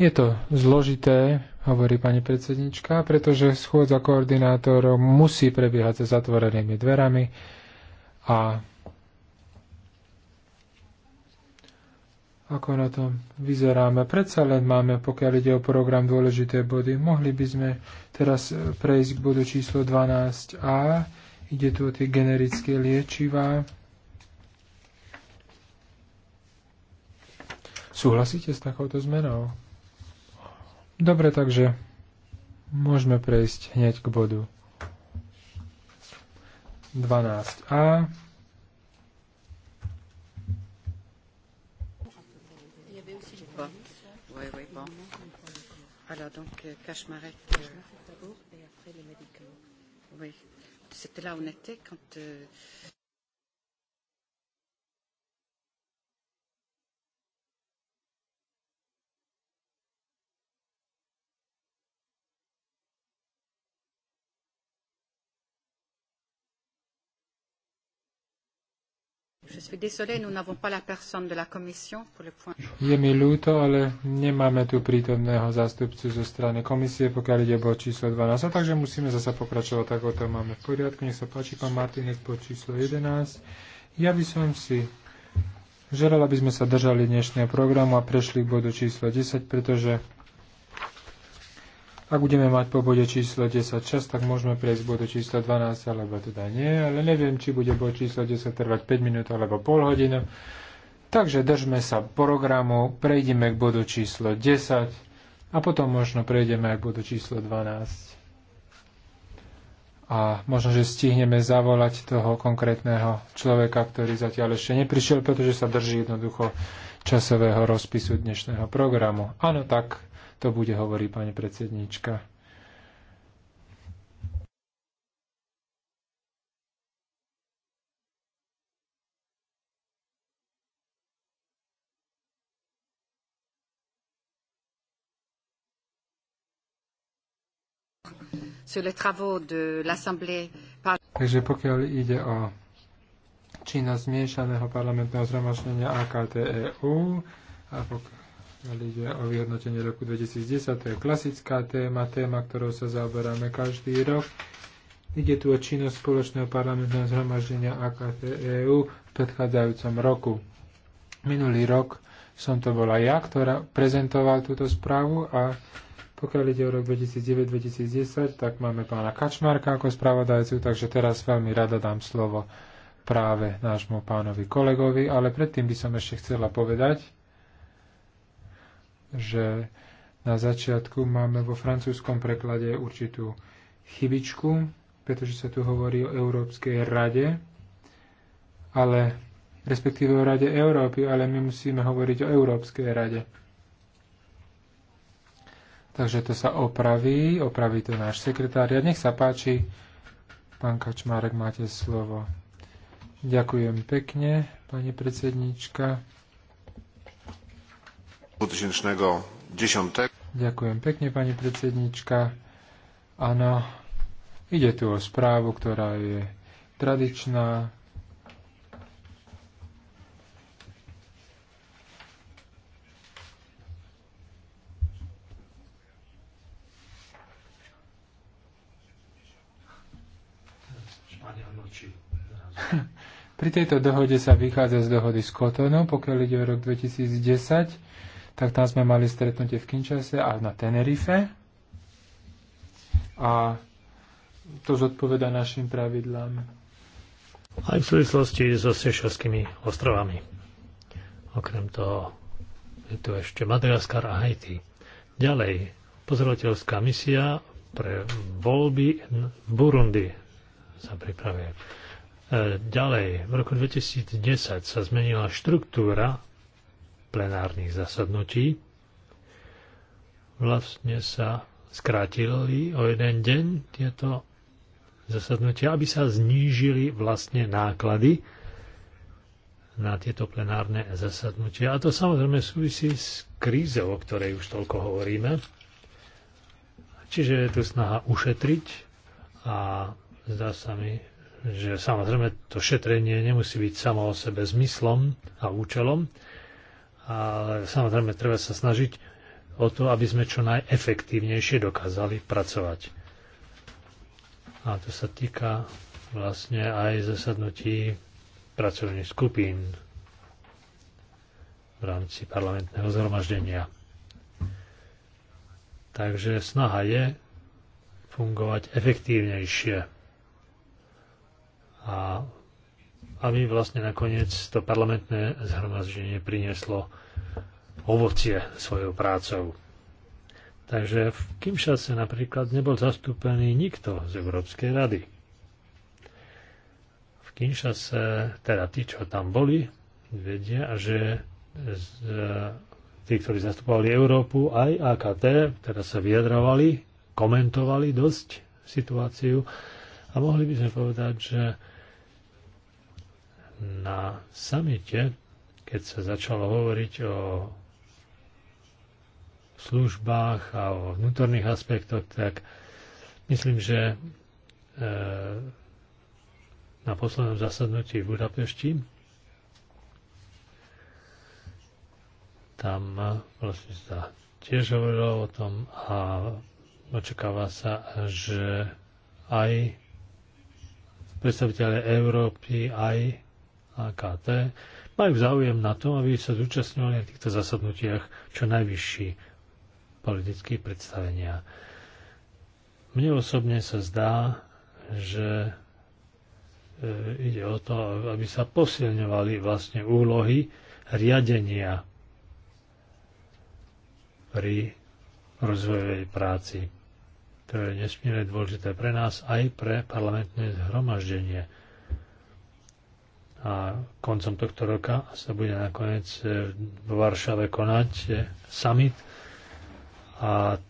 Je to zložité, hovorí pani predsednička, pretože schôdza koordinátorov musí prebiehať sa zatvorenými dverami a ako na tom vyzeráme. Predsa len máme, pokiaľ ide o program, dôležité body. Mohli by sme teraz prejsť k bodu číslo 12a. Ide tu o tie generické liečivá. Súhlasíte s takouto zmenou? Dobre, takže môžeme prejsť hneď k bodu 12a. Alors donc, euh, Cachemaret. Euh, oui, c'était là où on était quand. Euh... Je mi ľúto, ale nemáme tu prítomného zástupcu zo strany komisie, pokiaľ ide bod číslo 12. A takže musíme zase pokračovať, tak o tom máme v poriadku. Nech sa páči, pán Martinec, bod číslo 11. Ja by som si želal, aby sme sa držali dnešného programu a prešli k bodu číslo 10, pretože ak budeme mať po bode číslo 10 čas, tak môžeme prejsť bodu číslo 12, alebo teda nie, ale neviem, či bude bod číslo 10 trvať 5 minút alebo pol hodinu. Takže držme sa programu, prejdeme k bodu číslo 10 a potom možno prejdeme aj k bodu číslo 12. A možno, že stihneme zavolať toho konkrétneho človeka, ktorý zatiaľ ešte neprišiel, pretože sa drží jednoducho časového rozpisu dnešného programu. Áno, tak to bude, hovorí pani predsednička. Takže pokiaľ ide o činnosť zmiešaného parlamentného zhromaždenia AKTEU a e pokiaľ ale ide o vyhodnotenie roku 2010, to je klasická téma, téma, ktorou sa zaoberáme každý rok. Ide tu o činnosť spoločného parlamentného zhromaždenia AKT EU v predchádzajúcom roku. Minulý rok som to bola ja, ktorá prezentoval túto správu a pokiaľ ide o rok 2009-2010, tak máme pána Kačmarka ako spravodajcu, takže teraz veľmi rada dám slovo práve nášmu pánovi kolegovi, ale predtým by som ešte chcela povedať, že na začiatku máme vo francúzskom preklade určitú chybičku, pretože sa tu hovorí o Európskej rade, ale respektíve o Rade Európy, ale my musíme hovoriť o Európskej rade. Takže to sa opraví, opraví to náš sekretáriat. Nech sa páči, pán Kačmárek, máte slovo. Ďakujem pekne, pani predsednička. Ďakujem pekne, pani predsednička. Áno, ide tu o správu, ktorá je tradičná. Pri tejto dohode sa vychádza z dohody z Kotonu, pokiaľ ide o rok 2010 tak tam sme mali stretnutie v Kinčase a na Tenerife. A to zodpoveda našim pravidlám. Aj v súvislosti so Sešovskými ostrovami. Okrem toho je tu ešte Madagaskar a Haiti. Ďalej, pozorovateľská misia pre voľby v Burundi sa pripravuje. E, ďalej, v roku 2010 sa zmenila štruktúra plenárnych zasadnutí. Vlastne sa skrátili o jeden deň tieto zasadnutia, aby sa znížili vlastne náklady na tieto plenárne zasadnutia. A to samozrejme súvisí s krízou, o ktorej už toľko hovoríme. Čiže je tu snaha ušetriť a zdá sa mi, že samozrejme to šetrenie nemusí byť samo o sebe zmyslom a účelom, ale samozrejme treba sa snažiť o to, aby sme čo najefektívnejšie dokázali pracovať. A to sa týka vlastne aj zasadnutí pracovných skupín v rámci parlamentného zhromaždenia. Takže snaha je fungovať efektívnejšie a aby vlastne nakoniec to parlamentné zhromaždenie prinieslo ovocie svojou prácou. Takže v Kimšase napríklad nebol zastúpený nikto z Európskej rady. V Kinshase, teda tí, čo tam boli, vedia, že z, tí, ktorí zastupovali Európu, aj AKT, teda sa vyjadrovali, komentovali dosť situáciu a mohli by sme povedať, že na samite, keď sa začalo hovoriť o službách a o vnútorných aspektoch, tak myslím, že e, na poslednom zasadnutí v Budapešti tam e, vlastne sa tiež hovorilo o tom a očakáva sa, že aj predstaviteľe Európy, aj AKT majú záujem na tom, aby sa zúčastňovali na týchto zasadnutiach čo najvyšší politickí predstavenia. Mne osobne sa zdá, že e, ide o to, aby sa posilňovali vlastne úlohy riadenia pri rozvojovej práci. To je nesmierne dôležité pre nás aj pre parlamentné zhromaždenie a koncom tohto roka sa bude nakoniec e, v Varšave konať e, summit a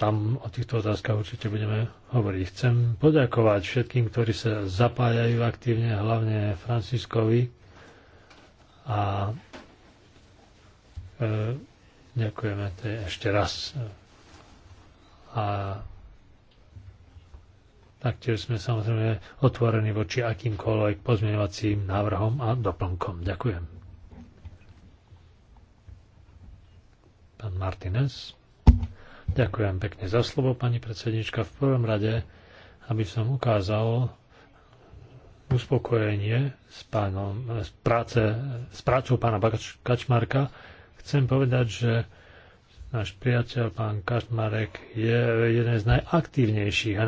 tam o týchto otázkach určite budeme hovoriť. Chcem poďakovať všetkým, ktorí sa zapájajú aktívne, hlavne Franciskovi a e, ďakujeme ešte raz. A Taktiež sme samozrejme otvorení voči akýmkoľvek pozmeňovacím návrhom a doplnkom. Ďakujem. Pán Martinez. Ďakujem pekne za slovo, pani predsednička. V prvom rade, aby som ukázal uspokojenie s, pánom, s, práce, s prácou pána Kačmarka, chcem povedať, že náš priateľ pán Kašmarek je jeden z najaktívnejších a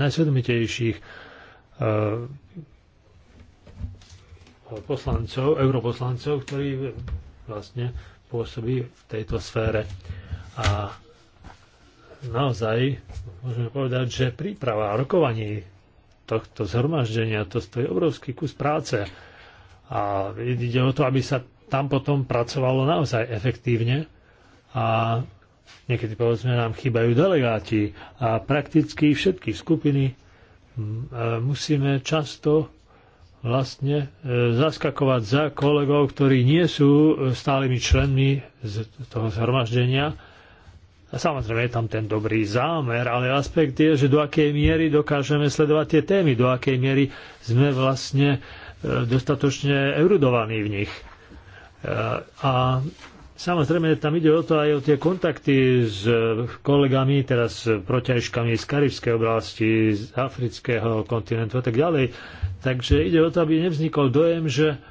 najsvedomitejších eh, poslancov, europoslancov, ktorí vlastne pôsobí v tejto sfére. A naozaj môžeme povedať, že príprava a rokovanie tohto zhromaždenia, to stojí obrovský kus práce. A ide o to, aby sa tam potom pracovalo naozaj efektívne a niekedy povedzme nám chýbajú delegáti a prakticky všetky skupiny e, musíme často vlastne e, zaskakovať za kolegov, ktorí nie sú stálymi členmi z toho zhromaždenia. A samozrejme je tam ten dobrý zámer, ale aspekt je, že do akej miery dokážeme sledovať tie témy, do akej miery sme vlastne e, dostatočne erudovaní v nich. A samozrejme tam ide o to aj o tie kontakty s kolegami, teraz protiažkami z karibskej oblasti, z afrického kontinentu a tak ďalej. Takže ide o to, aby nevznikol dojem, že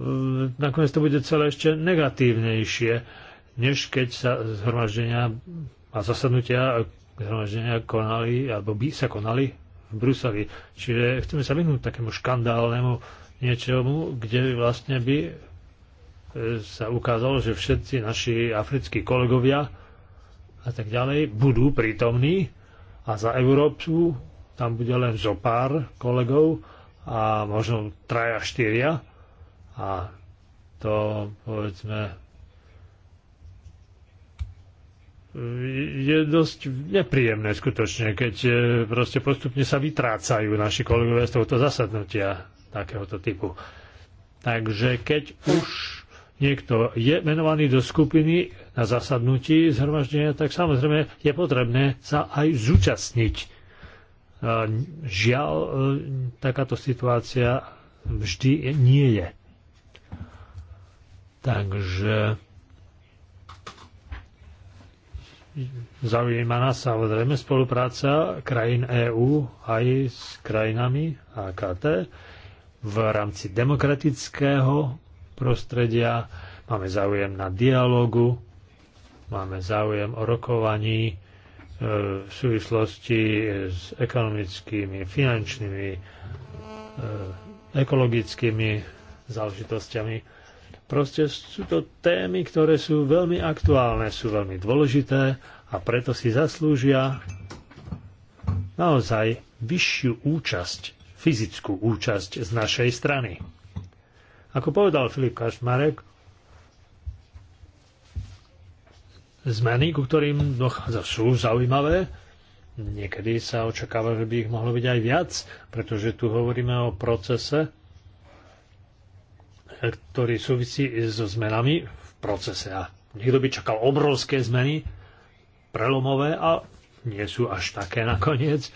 mm, nakoniec to bude celé ešte negatívnejšie, než keď sa zhromaždenia a zasadnutia zhromaždenia konali, alebo by sa konali v Bruseli. Čiže chceme sa vyhnúť takému škandálnemu niečomu, kde vlastne by sa ukázalo, že všetci naši africkí kolegovia a tak ďalej budú prítomní a za Európu tam bude len zo pár kolegov a možno traja, štyria a to povedzme je dosť nepríjemné skutočne, keď e, proste postupne sa vytrácajú naši kolegovia z tohoto zasadnutia takéhoto typu. Takže keď už niekto je menovaný do skupiny na zasadnutí zhromaždenia, tak samozrejme je potrebné sa aj zúčastniť. Žiaľ, e, takáto situácia vždy nie je. Takže zaujíma nás samozrejme spolupráca krajín EÚ aj s krajinami AKT v rámci demokratického prostredia, máme záujem na dialogu, máme záujem o rokovaní e, v súvislosti s ekonomickými, finančnými, e, ekologickými záležitostiami. Proste sú to témy, ktoré sú veľmi aktuálne, sú veľmi dôležité a preto si zaslúžia naozaj vyššiu účasť, fyzickú účasť z našej strany. Ako povedal Filip Kašmarek, zmeny, ku ktorým dochádza, sú zaujímavé. Niekedy sa očakáva, že by ich mohlo byť aj viac, pretože tu hovoríme o procese, ktorý súvisí so zmenami v procese. A niekto by čakal obrovské zmeny, prelomové a nie sú až také nakoniec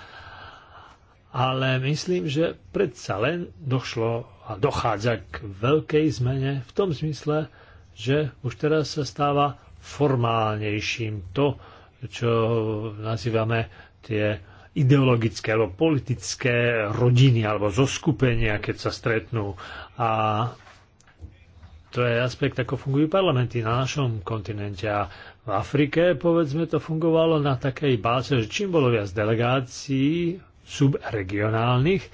ale myslím, že predsa len došlo a dochádza k veľkej zmene v tom zmysle, že už teraz sa stáva formálnejším to, čo nazývame tie ideologické alebo politické rodiny alebo zoskupenia, keď sa stretnú. A to je aspekt, ako fungujú parlamenty na našom kontinente. A v Afrike, povedzme, to fungovalo na takej báze, že čím bolo viac delegácií subregionálnych,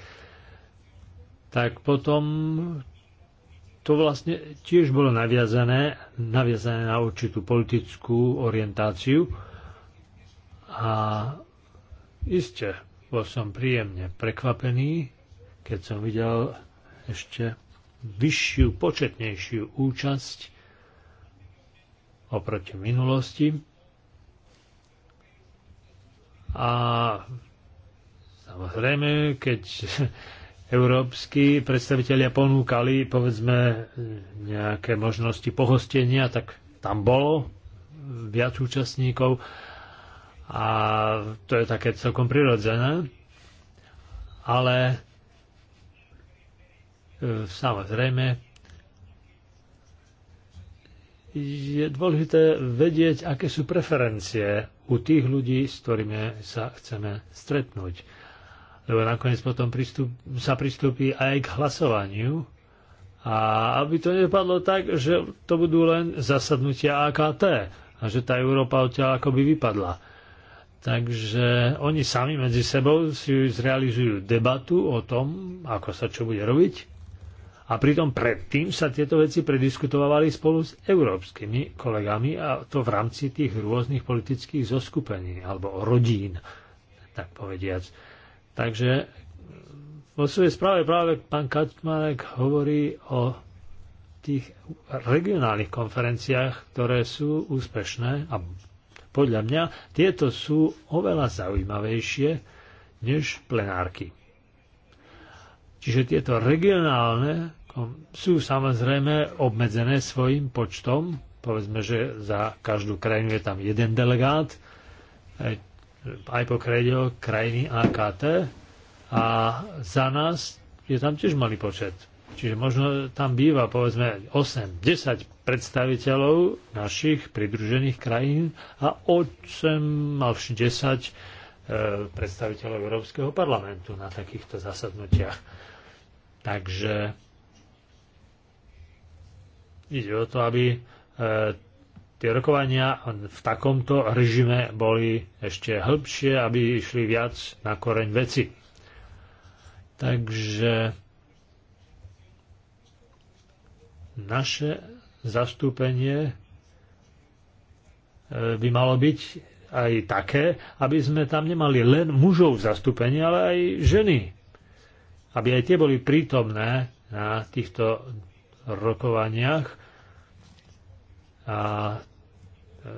tak potom to vlastne tiež bolo naviazané, naviazané na určitú politickú orientáciu a iste bol som príjemne prekvapený, keď som videl ešte vyššiu, početnejšiu účasť oproti minulosti. A Samozrejme, keď európsky predstavitelia ponúkali, povedzme, nejaké možnosti pohostenia, tak tam bolo viac účastníkov a to je také celkom prirodzené. Ale e, samozrejme, je dôležité vedieť, aké sú preferencie u tých ľudí, s ktorými sa chceme stretnúť lebo nakoniec potom pristup, sa pristúpi aj k hlasovaniu. A aby to nepadlo tak, že to budú len zasadnutia AKT a že tá Európa odtiaľ akoby vypadla. Takže oni sami medzi sebou si zrealizujú debatu o tom, ako sa čo bude robiť. A pritom predtým sa tieto veci prediskutovali spolu s európskymi kolegami a to v rámci tých rôznych politických zoskupení alebo rodín, tak povediac. Takže vo svojej správe práve pán Kačmarek hovorí o tých regionálnych konferenciách, ktoré sú úspešné a podľa mňa tieto sú oveľa zaujímavejšie než plenárky. Čiže tieto regionálne sú samozrejme obmedzené svojim počtom. Povedzme, že za každú krajinu je tam jeden delegát, e, aj po krajine krajiny AKT a za nás je tam tiež malý počet. Čiže možno tam býva povedzme 8-10 predstaviteľov našich pridružených krajín a 8 až e, predstaviteľov Európskeho parlamentu na takýchto zasadnutiach. Takže ide o to, aby e, tie rokovania v takomto režime boli ešte hĺbšie, aby išli viac na koreň veci. Takže naše zastúpenie e, by malo byť aj také, aby sme tam nemali len mužov v zastúpení, ale aj ženy. Aby aj tie boli prítomné na týchto rokovaniach. A E,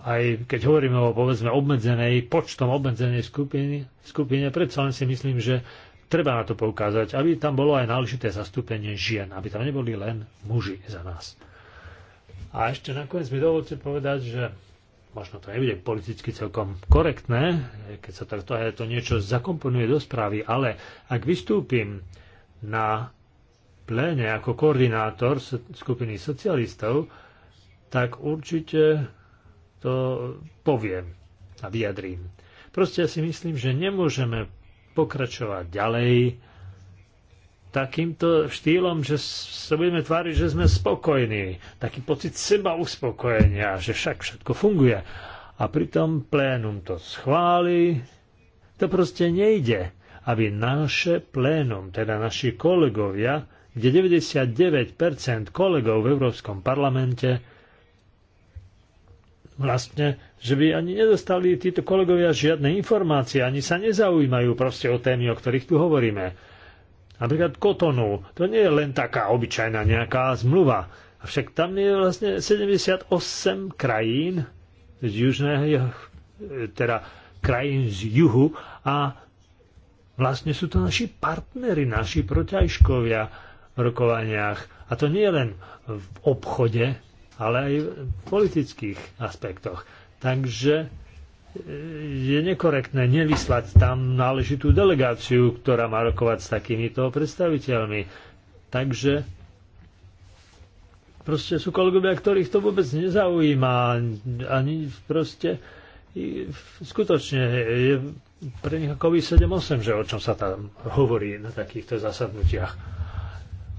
aj keď hovoríme o povedzme obmedzenej, počtom obmedzenej skupiny, skupine, predsa len si myslím, že treba na to poukázať, aby tam bolo aj náležité zastúpenie žien, aby tam neboli len muži za nás. A ešte nakoniec mi dovolte povedať, že možno to nebude politicky celkom korektné, keď sa takto aj to niečo zakomponuje do správy, ale ak vystúpim na pléne ako koordinátor skupiny socialistov, tak určite to poviem a vyjadrím. Proste si myslím, že nemôžeme pokračovať ďalej takýmto štýlom, že sa budeme tváriť, že sme spokojní. Taký pocit seba uspokojenia, že však všetko funguje. A pritom plénum to schváli. To proste nejde, aby naše plénum, teda naši kolegovia, kde 99% kolegov v Európskom parlamente vlastne, že by ani nedostali títo kolegovia žiadne informácie, ani sa nezaujímajú proste o témy, o ktorých tu hovoríme. Napríklad Kotonu, to nie je len taká obyčajná nejaká zmluva. Avšak tam je vlastne 78 krajín z južného, eh, teda krajín z juhu a vlastne sú to naši partnery, naši protiažkovia v rokovaniach. A to nie je len v obchode, ale aj v politických aspektoch. Takže e, je nekorektné nevyslať tam náležitú delegáciu, ktorá má rokovať s takýmito predstaviteľmi. Takže proste sú kolegovia, ktorých to vôbec nezaujíma. Ani proste skutočne e, je pre nich ako 7-8, že o čom sa tam hovorí na takýchto zasadnutiach.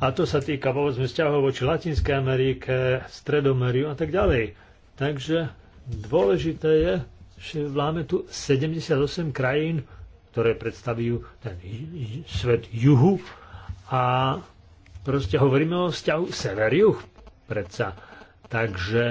A to sa týka, povedzme, vzťahov voči Latinskej Amerike, Stredomeriu a tak ďalej. Takže dôležité je, že máme tu 78 krajín, ktoré predstavujú ten svet juhu a proste hovoríme o vzťahu sever-juh predsa. Takže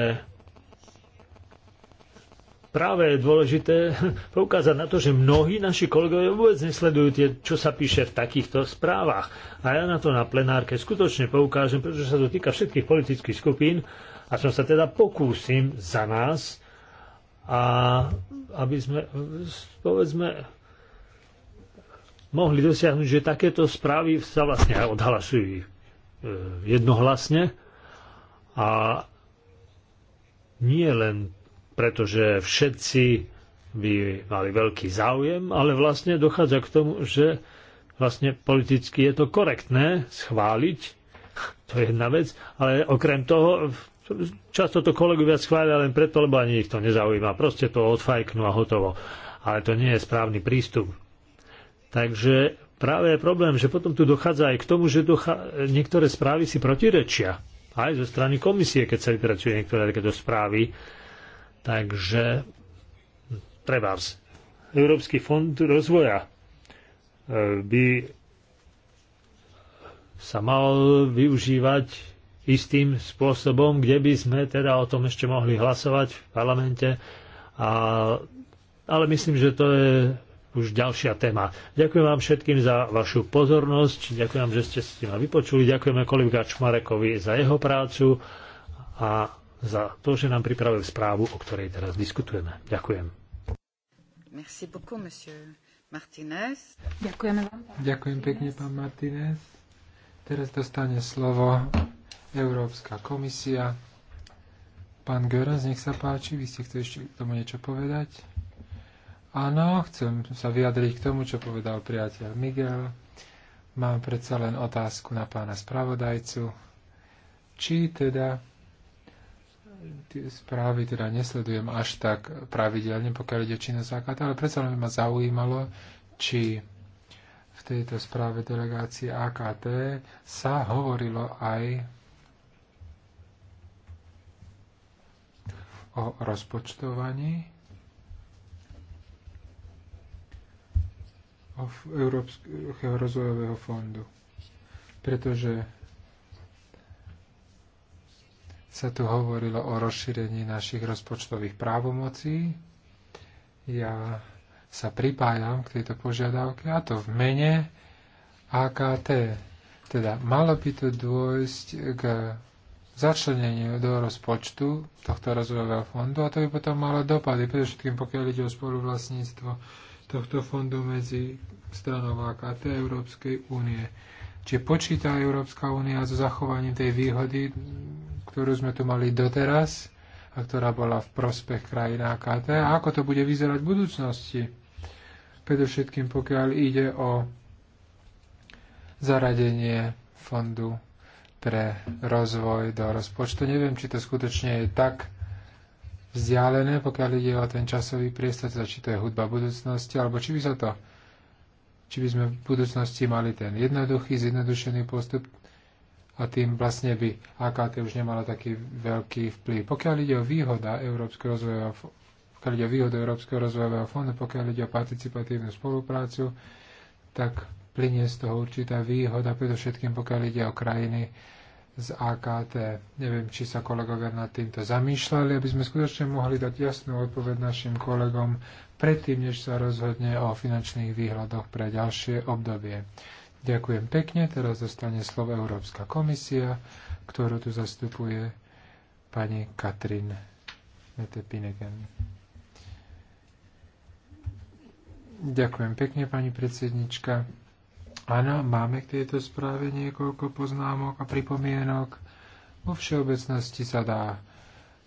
práve je dôležité poukázať na to, že mnohí naši kolegovia vôbec nesledujú tie, čo sa píše v takýchto správach. A ja na to na plenárke skutočne poukážem, pretože sa to týka všetkých politických skupín a som sa teda pokúsim za nás, a aby sme, povedzme, mohli dosiahnuť, že takéto správy sa vlastne aj odhlasujú e, jednohlasne a nie len pretože všetci by mali veľký záujem, ale vlastne dochádza k tomu, že vlastne politicky je to korektné schváliť, to je jedna vec, ale okrem toho často to kolegovia schvália len preto, lebo ani ich to nezaujíma. Proste to odfajknú a hotovo. Ale to nie je správny prístup. Takže práve je problém, že potom tu dochádza aj k tomu, že niektoré správy si protirečia. Aj zo strany komisie, keď sa vypracujú niektoré takéto správy, Takže trebárs Európsky fond rozvoja e, by sa mal využívať istým spôsobom, kde by sme teda o tom ešte mohli hlasovať v parlamente. A, ale myslím, že to je už ďalšia téma. Ďakujem vám všetkým za vašu pozornosť, ďakujem, že ste si ma vypočuli, ďakujeme kolega Čmarekovi za jeho prácu a za to, že nám pripravil správu, o ktorej teraz diskutujeme. Ďakujem. Merci beaucoup, monsieur Martinez. Ďakujeme vám. Ďakujem pekne, pán Martinez. Teraz dostane slovo Európska komisia. Pán Görans, nech sa páči, vy ste chceli ešte k tomu niečo povedať? Áno, chcem sa vyjadriť k tomu, čo povedal priateľ Miguel. Mám predsa len otázku na pána spravodajcu. Či teda tie správy teda nesledujem až tak pravidelne, pokiaľ ide činnosť základ, ale predsa len by ma zaujímalo, či v tejto správe delegácie AKT sa hovorilo aj o rozpočtovaní, o Európskeho rozvojového fondu. Pretože sa tu hovorilo o rozšírení našich rozpočtových právomocí. Ja sa pripájam k tejto požiadavke a to v mene AKT. Teda malo by tu dôjsť k začleneniu do rozpočtu tohto rozvojového fondu a to by potom malo dopady, predovšetkým pokiaľ ide o spoluvlastníctvo tohto fondu medzi stranou AKT Európskej únie. Čiže počíta Európska únia so zachovaním tej výhody, ktorú sme tu mali doteraz a ktorá bola v prospech krajín AKT a ako to bude vyzerať v budúcnosti. Predovšetkým pokiaľ ide o zaradenie fondu pre rozvoj do rozpočtu. Neviem, či to skutočne je tak vzdialené, pokiaľ ide o ten časový priestor, teda či to je hudba budúcnosti, alebo či by sa to či by sme v budúcnosti mali ten jednoduchý, zjednodušený postup a tým vlastne by AKT už nemala taký veľký vplyv. Pokiaľ ide o výhoda Európskeho rozvojového pokiaľ ide o výhodu Európskeho rozvojového fondu, pokiaľ ide o participatívnu spoluprácu, tak plinie z toho určitá výhoda, predovšetkým pokiaľ ide o krajiny, z AKT. Neviem, či sa kolegovia nad týmto zamýšľali, aby sme skutočne mohli dať jasnú odpoveď našim kolegom predtým, než sa rozhodne o finančných výhľadoch pre ďalšie obdobie. Ďakujem pekne. Teraz dostane slovo Európska komisia, ktorú tu zastupuje pani Katrin Metepinegen. Ďakujem pekne, pani predsednička. Áno, máme k tejto správe niekoľko poznámok a pripomienok. Vo všeobecnosti sa dá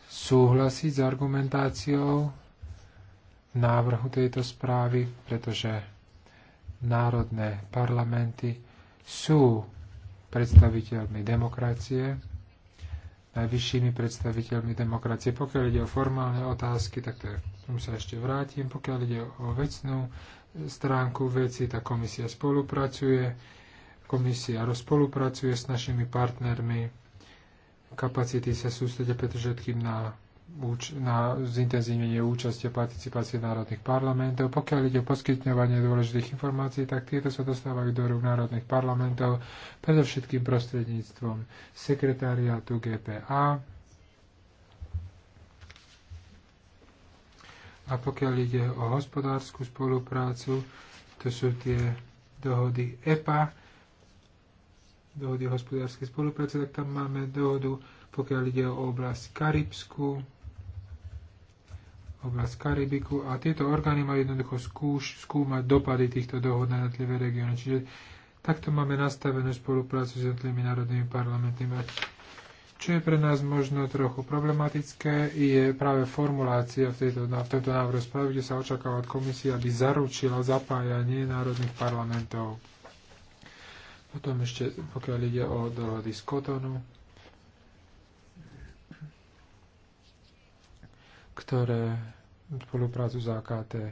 súhlasiť s argumentáciou návrhu tejto správy, pretože národné parlamenty sú predstaviteľmi demokracie, najvyššími predstaviteľmi demokracie. Pokiaľ ide o formálne otázky, tak to je, tomu sa ešte vrátim. Pokiaľ ide o vecnú stránku veci, tá komisia spolupracuje, komisia rozpolupracuje s našimi partnermi, kapacity sa sústredia predovšetkým na na zintenzívnenie účasti a participácie národných parlamentov. Pokiaľ ide o poskytňovanie dôležitých informácií, tak tieto sa dostávajú do rúk národných parlamentov, predovšetkým prostredníctvom sekretariátu GPA. A pokiaľ ide o hospodárskú spoluprácu, to sú tie dohody EPA, dohody o hospodárskej spolupráce, tak tam máme dohodu, pokiaľ ide o oblasť Karibsku, oblasť Karibiku a tieto orgány majú jednoducho skúš, skúmať dopady týchto dohod na jednotlivé regióny. Čiže takto máme nastavenú spoluprácu s jednotlivými národnými parlamentmi. Čo je pre nás možno trochu problematické, je práve formulácia v, tejto, v tomto návrhu správy, kde sa očakáva od komisie, aby zaručila zapájanie národných parlamentov. Potom ešte, pokiaľ ide o dohody z Kotonu, ktoré spoluprácu s AKT e,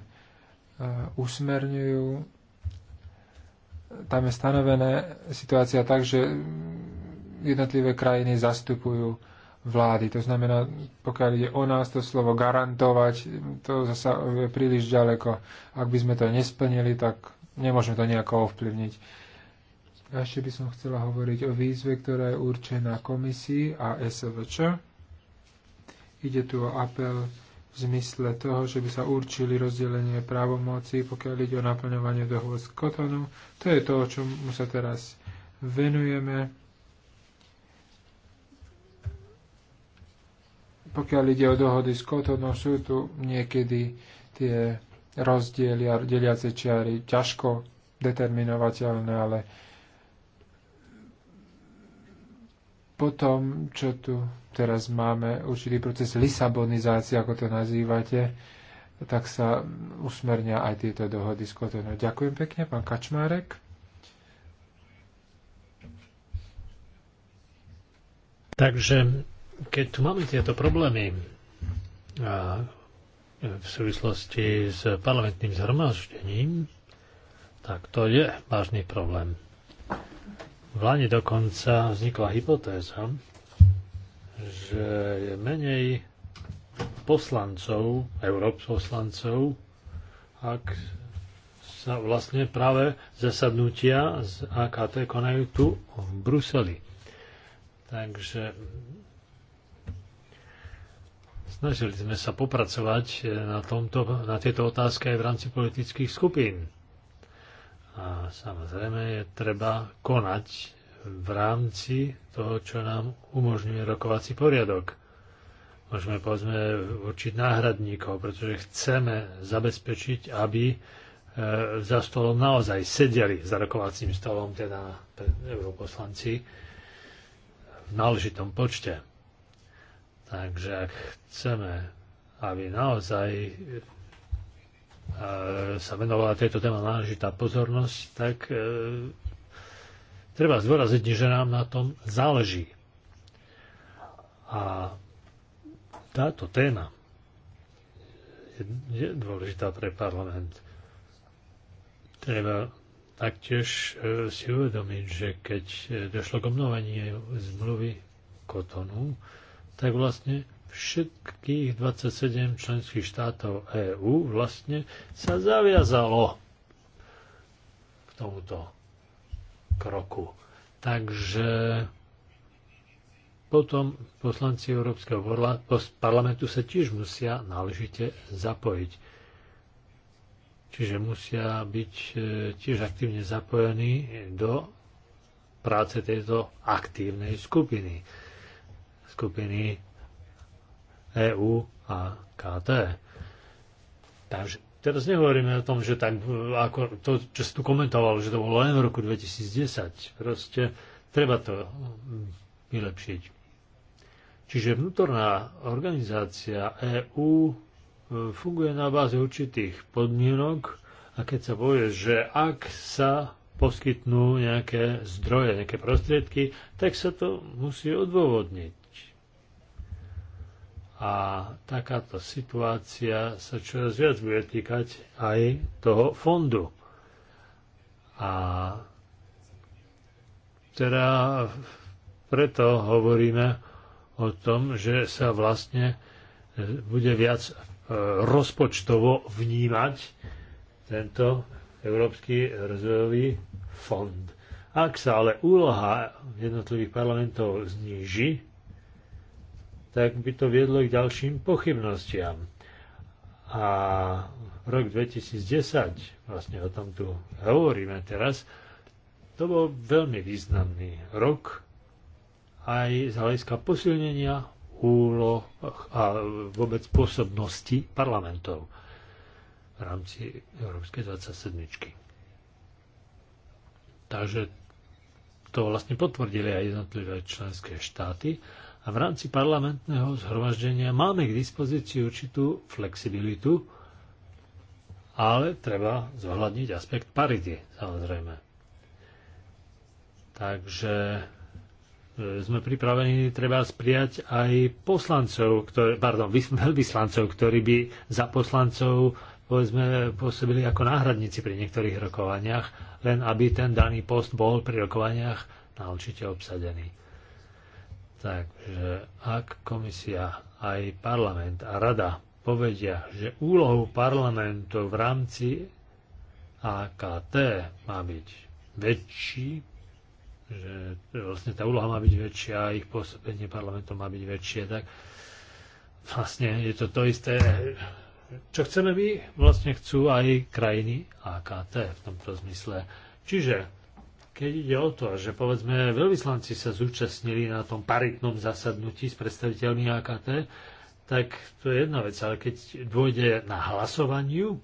usmerňujú. Tam je stanovené situácia tak, že jednotlivé krajiny zastupujú vlády. To znamená, pokiaľ ide o nás, to slovo garantovať, to zasa je príliš ďaleko. Ak by sme to nesplnili, tak nemôžeme to nejako ovplyvniť. ešte by som chcela hovoriť o výzve, ktorá je určená komisii a SVČ Ide tu o apel v zmysle toho, že by sa určili rozdelenie právomocí, pokiaľ ide o naplňovanie dohôd z Kotonu. To je to, o čom sa teraz venujeme. Pokiaľ ide o dohody z Kotonu, sú tu niekedy tie rozdiely a deliace čiary ťažko determinovateľné, ale Potom, čo tu teraz máme, určitý proces lisabonizácie, ako to nazývate, tak sa usmernia aj tieto dohody z Kotonu. Ďakujem pekne, pán Kačmárek. Takže keď tu máme tieto problémy a v súvislosti s parlamentným zhromaždením, tak to je vážny problém. V Lani dokonca vznikla hypotéza, že je menej poslancov, europoslancov, ak sa vlastne práve zasadnutia z AKT konajú tu v Bruseli. Takže snažili sme sa popracovať na, tomto, na tieto otázky aj v rámci politických skupín. A samozrejme je treba konať v rámci toho, čo nám umožňuje rokovací poriadok. Môžeme povedzme určiť náhradníkov, pretože chceme zabezpečiť, aby e, za stolom naozaj sedeli, za rokovacím stolom, teda europoslanci, v náležitom počte. Takže ak chceme, aby naozaj sa venovala tejto téma náležitá pozornosť, tak e, treba zdôrazniť, že nám na tom záleží. A táto téma je, je dôležitá pre parlament. Treba taktiež e, si uvedomiť, že keď e, došlo k obnoveniu zmluvy Kotonu, tak vlastne všetkých 27 členských štátov EÚ vlastne sa zaviazalo k tomuto kroku. Takže potom poslanci Európskeho parlamentu sa tiež musia náležite zapojiť. Čiže musia byť e, tiež aktívne zapojení do práce tejto aktívnej skupiny. Skupiny EU a KT. Takže teraz nehovoríme o tom, že tak, ako to, čo si tu komentoval, že to bolo len v roku 2010. Proste treba to mm, vylepšiť. Čiže vnútorná organizácia EU e, funguje na báze určitých podmienok a keď sa povie, že ak sa poskytnú nejaké zdroje, nejaké prostriedky, tak sa to musí odôvodniť. A takáto situácia sa čoraz viac bude týkať aj toho fondu. A teda preto hovoríme o tom, že sa vlastne bude viac e, rozpočtovo vnímať tento Európsky rozvojový fond. Ak sa ale úloha jednotlivých parlamentov zníži, tak by to viedlo k ďalším pochybnostiam. A rok 2010, vlastne o tom tu hovoríme teraz, to bol veľmi významný rok aj z hľadiska posilnenia úloh a vôbec pôsobnosti parlamentov v rámci Európskej 27. Takže to vlastne potvrdili aj jednotlivé členské štáty a v rámci parlamentného zhromaždenia máme k dispozícii určitú flexibilitu, ale treba zohľadniť aspekt parity, samozrejme. Takže e, sme pripravení treba sprijať aj poslancov, ktoré, pardon, veľvyslancov, ktorí by za poslancov povedzme, pôsobili ako náhradníci pri niektorých rokovaniach, len aby ten daný post bol pri rokovaniach na určite obsadený. Takže ak komisia, aj parlament a rada povedia, že úlohou parlamentu v rámci AKT má byť väčší, že vlastne tá úloha má byť väčšia a ich pôsobenie parlamentu má byť väčšie, tak vlastne je to to isté, čo chceme my, vlastne chcú aj krajiny AKT v tomto zmysle. Čiže keď ide o to, že povedzme veľvyslanci sa zúčastnili na tom paritnom zasadnutí s predstaviteľmi AKT, tak to je jedna vec, ale keď dôjde na hlasovaniu,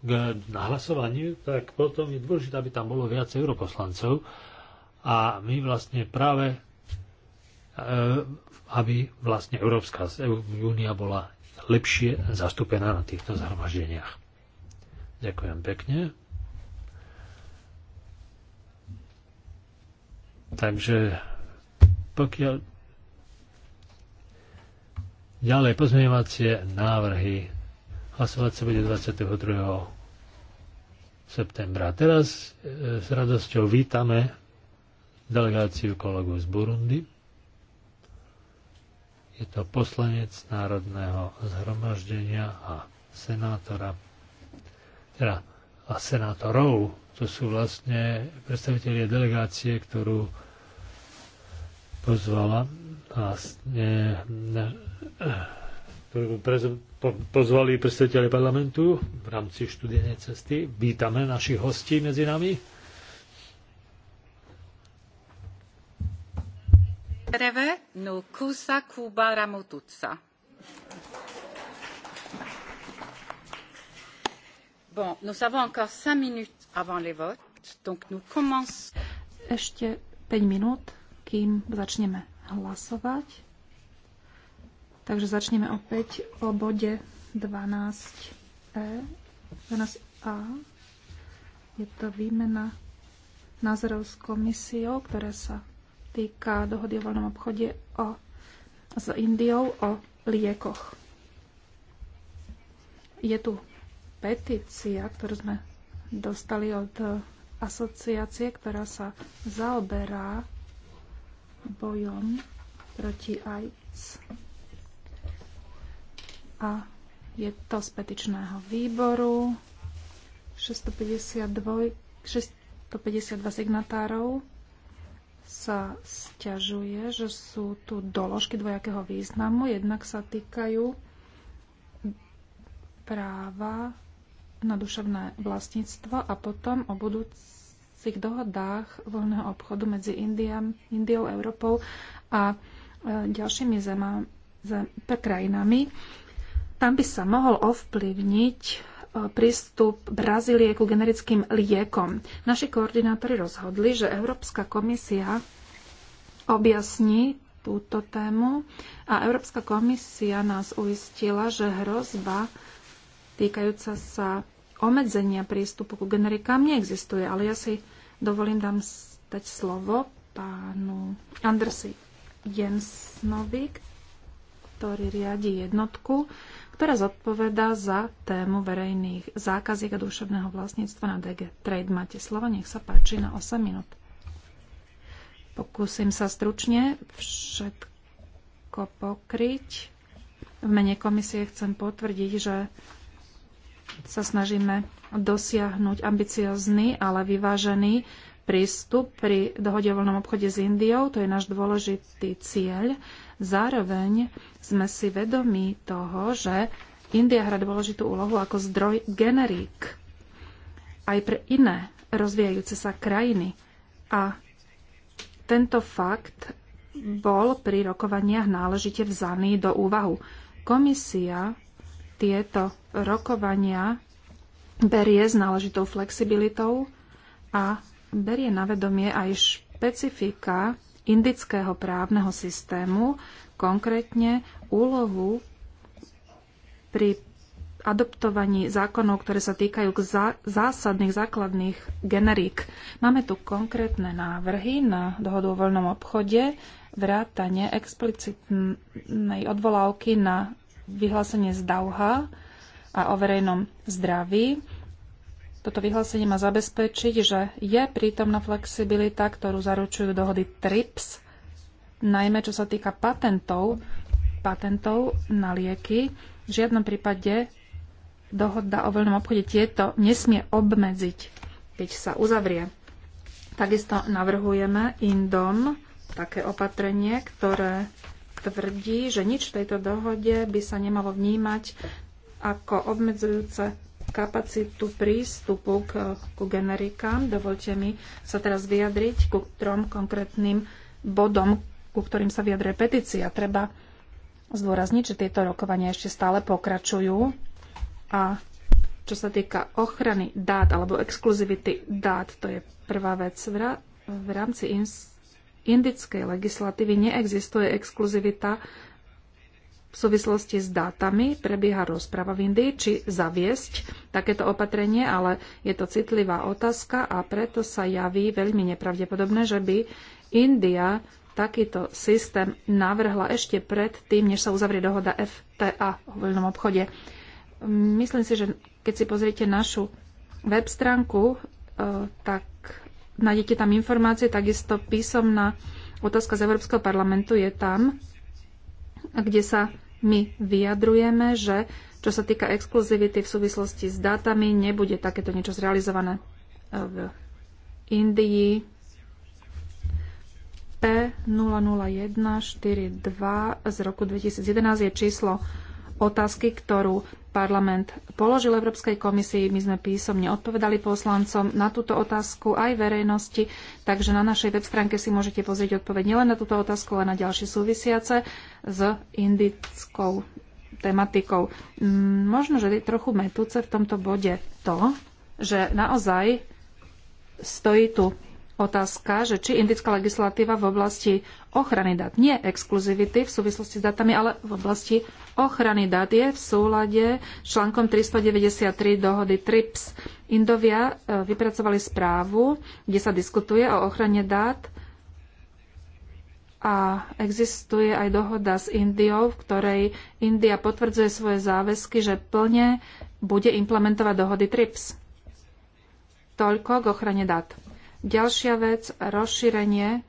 k, na hlasovaniu, tak potom je dôležité, aby tam bolo viac europoslancov a my vlastne práve e, aby vlastne Európska únia bola lepšie zastúpená na týchto zhromaždeniach. Ďakujem pekne. Takže pokiaľ ďalej pozmeňovacie návrhy hlasovať sa bude 22. septembra. Teraz e, s radosťou vítame delegáciu kolegov z Burundi. Je to poslanec Národného zhromaždenia a senátora, teda a senátorov, to sú vlastne predstavitelia delegácie, ktorú pozvala a eh, pozvali predstaviteľe parlamentu v rámci študijnej cesty. Vítame našich hostí medzi nami. Reve no kusa Kuba Ramutuca. Bon, nous avons encore 5 minutes avant les votes, donc nous commençons. Ešte 5 minút kým začneme hlasovať. Takže začneme opäť o bode 12e, 12a. Je to výmena názorov s komisiou, ktorá sa týka dohody o voľnom obchode o, s Indiou o liekoch. Je tu petícia, ktorú sme dostali od asociácie, ktorá sa zaoberá bojom proti AIDS. A je to z petičného výboru 652, 652 signatárov sa sťažuje, že sú tu doložky dvojakého významu. Jednak sa týkajú práva na duševné vlastníctvo a potom o budúci asociacích dohodách voľného obchodu medzi Indiam, Indiou, Európou a e, ďalšími zema, zem, krajinami. Tam by sa mohol ovplyvniť e, prístup Brazílie ku generickým liekom. Naši koordinátori rozhodli, že Európska komisia objasní túto tému a Európska komisia nás uistila, že hrozba týkajúca sa obmedzenia prístupu ku generikám neexistuje, ale ja si dovolím dám dať slovo pánu Andersi Jensnovi, ktorý riadi jednotku, ktorá zodpoveda za tému verejných zákaziek a duševného vlastníctva na DG Trade. Máte slovo, nech sa páči na 8 minút. Pokúsim sa stručne všetko pokryť. V mene komisie chcem potvrdiť, že sa snažíme dosiahnuť ambiciozný, ale vyvážený prístup pri dohode o voľnom obchode s Indiou. To je náš dôležitý cieľ. Zároveň sme si vedomi toho, že India hrá dôležitú úlohu ako zdroj generík aj pre iné rozvíjajúce sa krajiny. A tento fakt bol pri rokovaniach náležite vzaný do úvahu. Komisia tieto rokovania berie s náležitou flexibilitou a berie na vedomie aj špecifika indického právneho systému, konkrétne úlohu pri adoptovaní zákonov, ktoré sa týkajú k zásadných, základných generík. Máme tu konkrétne návrhy na dohodu o voľnom obchode, vrátanie explicitnej odvolávky na vyhlásenie z Dauha, a o verejnom zdraví. Toto vyhlásenie má zabezpečiť, že je prítomná flexibilita, ktorú zaručujú dohody TRIPS, najmä čo sa týka patentov, patentov na lieky. V žiadnom prípade dohoda o voľnom obchode tieto nesmie obmedziť, keď sa uzavrie. Takisto navrhujeme Indom také opatrenie, ktoré tvrdí, že nič v tejto dohode by sa nemalo vnímať ako obmedzujúce kapacitu prístupu k, ku generikám. Dovolte mi sa teraz vyjadriť ku trom konkrétnym bodom, ku ktorým sa vyjadruje petícia. Treba zdôrazniť, že tieto rokovania ešte stále pokračujú a čo sa týka ochrany dát alebo exkluzivity dát, to je prvá vec. V rámci indickej legislatívy neexistuje exkluzivita v súvislosti s dátami prebieha rozprava v Indii, či zaviesť takéto opatrenie, ale je to citlivá otázka a preto sa javí veľmi nepravdepodobné, že by India takýto systém navrhla ešte pred tým, než sa uzavrie dohoda FTA o voľnom obchode. Myslím si, že keď si pozriete našu web stránku, e, tak nájdete tam informácie, takisto písomná otázka z Európskeho parlamentu je tam kde sa my vyjadrujeme, že čo sa týka exkluzivity v súvislosti s dátami, nebude takéto niečo zrealizované v Indii. P00142 z roku 2011 je číslo otázky, ktorú parlament položil Európskej komisii. My sme písomne odpovedali poslancom na túto otázku aj verejnosti, takže na našej web stránke si môžete pozrieť odpoveď nielen na túto otázku, ale na ďalšie súvisiace s indickou tematikou. Mm, možno, že je trochu metúce v tomto bode to, že naozaj stojí tu otázka, že či indická legislatíva v oblasti ochrany dát, nie exkluzivity v súvislosti s datami, ale v oblasti ochrany dát je v súlade s článkom 393 dohody TRIPS. Indovia e, vypracovali správu, kde sa diskutuje o ochrane dát a existuje aj dohoda s Indiou, v ktorej India potvrdzuje svoje záväzky, že plne bude implementovať dohody TRIPS. Toľko k ochrane dát. Ďalšia vec, rozšírenie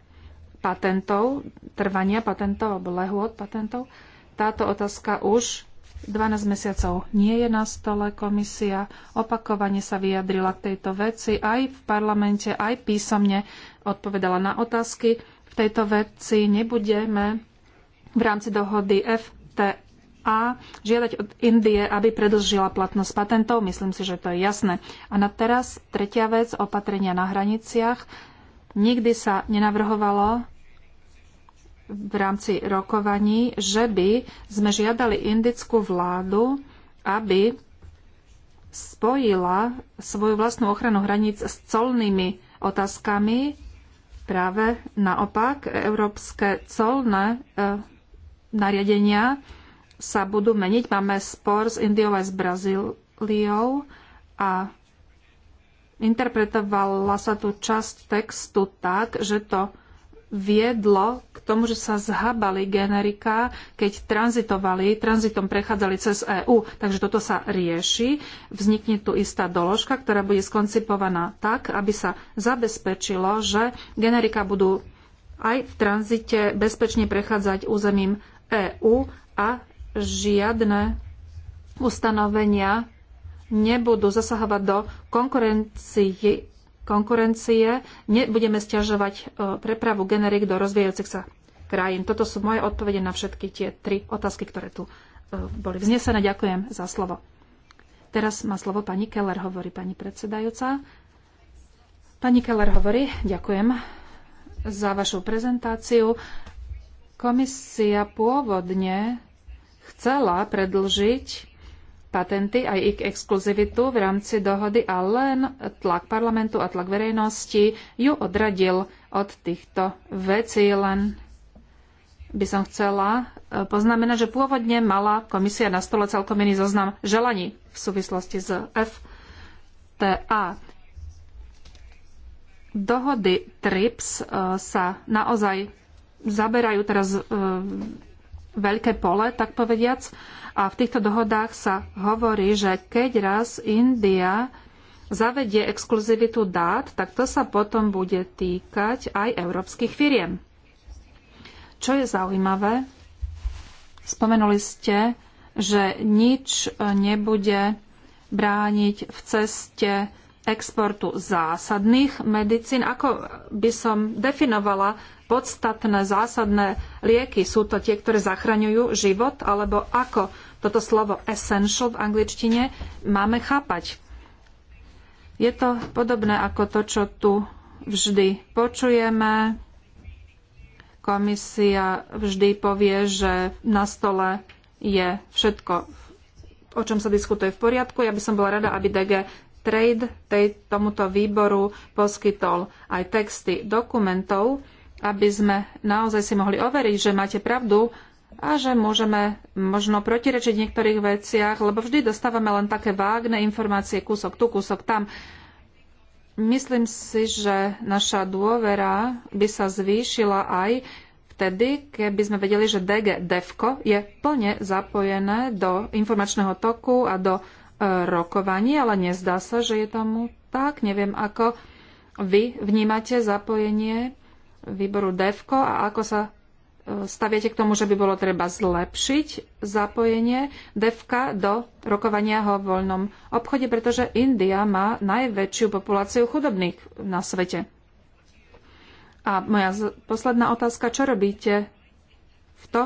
patentov, trvania patentov alebo lehôd patentov. Táto otázka už 12 mesiacov nie je na stole. Komisia opakovane sa vyjadrila k tejto veci aj v parlamente, aj písomne odpovedala na otázky. V tejto veci nebudeme v rámci dohody FT a žiadať od Indie, aby predlžila platnosť patentov. Myslím si, že to je jasné. A na teraz tretia vec, opatrenia na hraniciach. Nikdy sa nenavrhovalo v rámci rokovaní, že by sme žiadali indickú vládu, aby spojila svoju vlastnú ochranu hraníc s colnými otázkami. Práve naopak, európske colné e, nariadenia sa budú meniť. Máme spor s Indiou aj s Brazíliou a interpretovala sa tu časť textu tak, že to viedlo k tomu, že sa zhabali generika, keď tranzitovali, tranzitom prechádzali cez EÚ. Takže toto sa rieši. Vznikne tu istá doložka, ktorá bude skoncipovaná tak, aby sa zabezpečilo, že generika budú aj v tranzite bezpečne prechádzať územím EÚ a žiadne ustanovenia nebudú zasahovať do konkurencie, konkurencie nebudeme stiažovať e, prepravu generík do rozvíjajúcich sa krajín. Toto sú moje odpovede na všetky tie tri otázky, ktoré tu e, boli vznesené. Ďakujem za slovo. Teraz má slovo pani Keller, hovorí pani predsedajúca. Pani Keller hovorí, ďakujem za vašu prezentáciu. Komisia pôvodne chcela predlžiť patenty aj ich exkluzivitu v rámci dohody a len tlak parlamentu a tlak verejnosti ju odradil od týchto vecí. Len by som chcela e, poznamenať, že pôvodne mala komisia na stole celkom iný zoznam želaní v súvislosti s FTA. Dohody TRIPS e, sa naozaj zaberajú teraz e, veľké pole, tak povediac. A v týchto dohodách sa hovorí, že keď raz India zavedie exkluzivitu dát, tak to sa potom bude týkať aj európskych firiem. Čo je zaujímavé, spomenuli ste, že nič nebude brániť v ceste exportu zásadných medicín. Ako by som definovala podstatné zásadné lieky? Sú to tie, ktoré zachraňujú život? Alebo ako toto slovo essential v angličtine máme chápať? Je to podobné ako to, čo tu vždy počujeme. Komisia vždy povie, že na stole je všetko, o čom sa diskutuje v poriadku. Ja by som bola rada, aby DG Trade tej, tomuto výboru poskytol aj texty dokumentov, aby sme naozaj si mohli overiť, že máte pravdu a že môžeme možno protirečiť v niektorých veciach, lebo vždy dostávame len také vágne informácie, kúsok tu, kúsok tam. Myslím si, že naša dôvera by sa zvýšila aj vtedy, keby sme vedeli, že DG DEFCO je plne zapojené do informačného toku a do rokovaní, ale nezdá sa, že je tomu tak. Neviem, ako vy vnímate zapojenie výboru DEVKO a ako sa e, staviate k tomu, že by bolo treba zlepšiť zapojenie devka do rokovania o voľnom obchode, pretože India má najväčšiu populáciu chudobných na svete. A moja posledná otázka, čo robíte v to,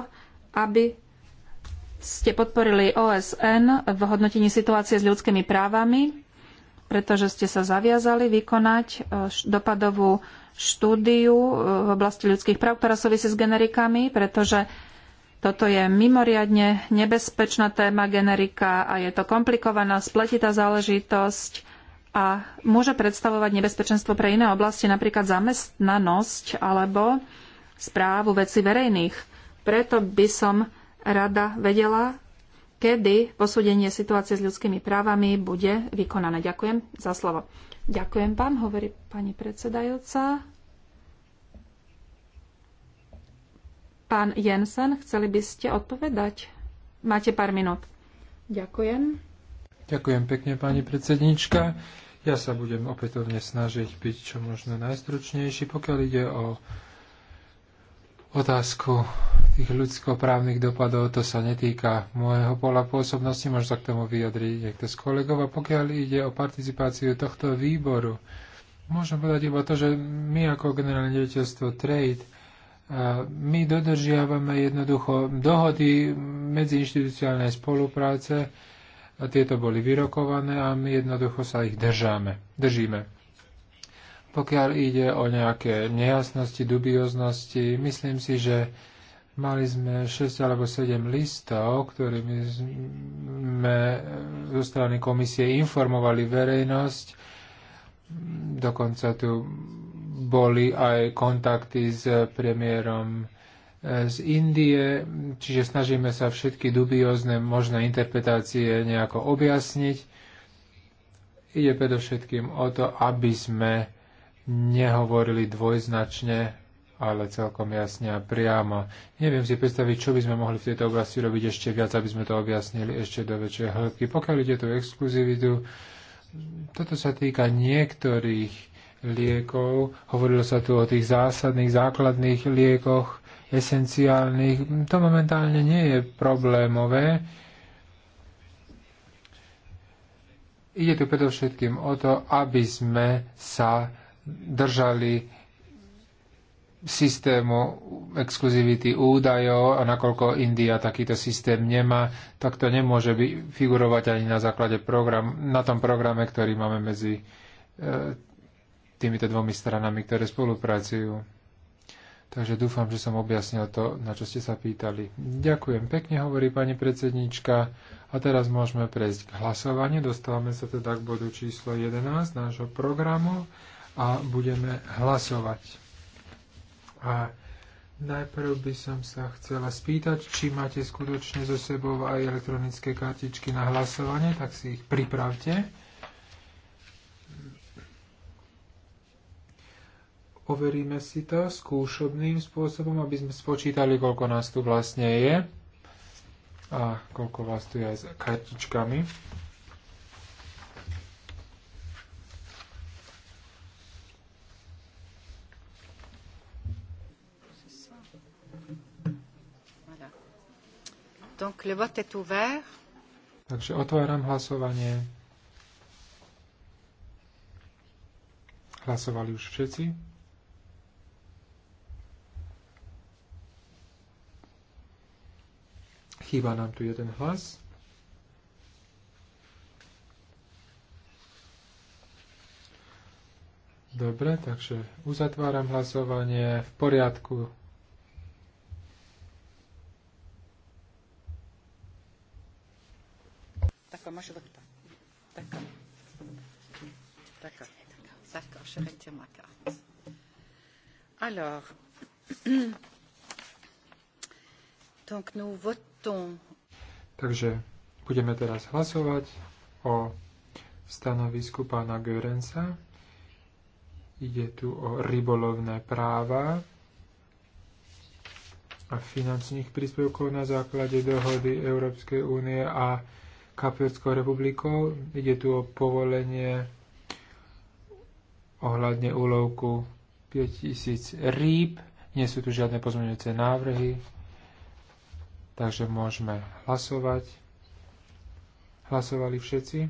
aby ste podporili OSN v hodnotení situácie s ľudskými právami, pretože ste sa zaviazali vykonať e, dopadovú štúdiu e, v oblasti ľudských práv, ktorá súvisí s generikami, pretože toto je mimoriadne nebezpečná téma generika a je to komplikovaná, spletitá záležitosť a môže predstavovať nebezpečenstvo pre iné oblasti, napríklad zamestnanosť alebo správu veci verejných. Preto by som rada vedela, kedy posúdenie situácie s ľudskými právami bude vykonané. Ďakujem za slovo. Ďakujem vám, hovorí pani predsedajúca. Pán Jensen, chceli by ste odpovedať? Máte pár minút. Ďakujem. Ďakujem pekne, pani predsednička. Ja sa budem opätovne snažiť byť čo možno najstručnejší, pokiaľ ide o otázku tých ľudskoprávnych dopadov, to sa netýka môjho pola pôsobnosti, možno sa k tomu vyjadriť niekto z kolegov. A pokiaľ ide o participáciu tohto výboru, môžem povedať iba to, že my ako generálne riaditeľstvo Trade, my dodržiavame jednoducho dohody medziinstitucionálnej spolupráce, a tieto boli vyrokované a my jednoducho sa ich držáme, držíme. Pokiaľ ide o nejaké nejasnosti, dubioznosti, myslím si, že Mali sme 6 alebo 7 listov, ktorými sme zo strany komisie informovali verejnosť. Dokonca tu boli aj kontakty s premiérom eh, z Indie, čiže snažíme sa všetky dubiózne možné interpretácie nejako objasniť. Ide predovšetkým o to, aby sme nehovorili dvojznačne ale celkom jasne a priamo. Neviem si predstaviť, čo by sme mohli v tejto oblasti robiť ešte viac, aby sme to objasnili ešte do väčšej hĺbky. Pokiaľ ide tú exkluzivitu, toto sa týka niektorých liekov. Hovorilo sa tu o tých zásadných, základných liekoch, esenciálnych. To momentálne nie je problémové. Ide tu predovšetkým o to, aby sme sa držali systému exkluzivity údajov a nakoľko India takýto systém nemá, tak to nemôže by figurovať ani na základe program, na tom programe, ktorý máme medzi e, týmito dvomi stranami, ktoré spolupracujú. Takže dúfam, že som objasnil to, na čo ste sa pýtali. Ďakujem pekne, hovorí pani predsednička. A teraz môžeme prejsť k hlasovaniu. Dostávame sa teda k bodu číslo 11 nášho programu a budeme hlasovať. A najprv by som sa chcela spýtať, či máte skutočne so sebou aj elektronické kartičky na hlasovanie, tak si ich pripravte. overíme si to skúšobným spôsobom, aby sme spočítali, koľko nás tu vlastne je a koľko vás tu je aj s kartičkami. Donc le vote est ouvert. Takže otváram hlasovanie. Hlasovali už všetci. Chýba nám tu jeden hlas. Dobre, takže uzatváram hlasovanie v poriadku. 15 دقيقة دقة دقة دقة je retire ma carte. Alors, donc nous votons. Takže budeme teraz hlasovať o stanovisku pána Görensa. Ide tu o rybolovné práva a finančných príspevkov na základe dohody Európskej únie a Kapverskou republikou. Ide tu o povolenie ohľadne úlovku 5000 rýb. Nie sú tu žiadne pozmeňujúce návrhy, takže môžeme hlasovať. Hlasovali všetci?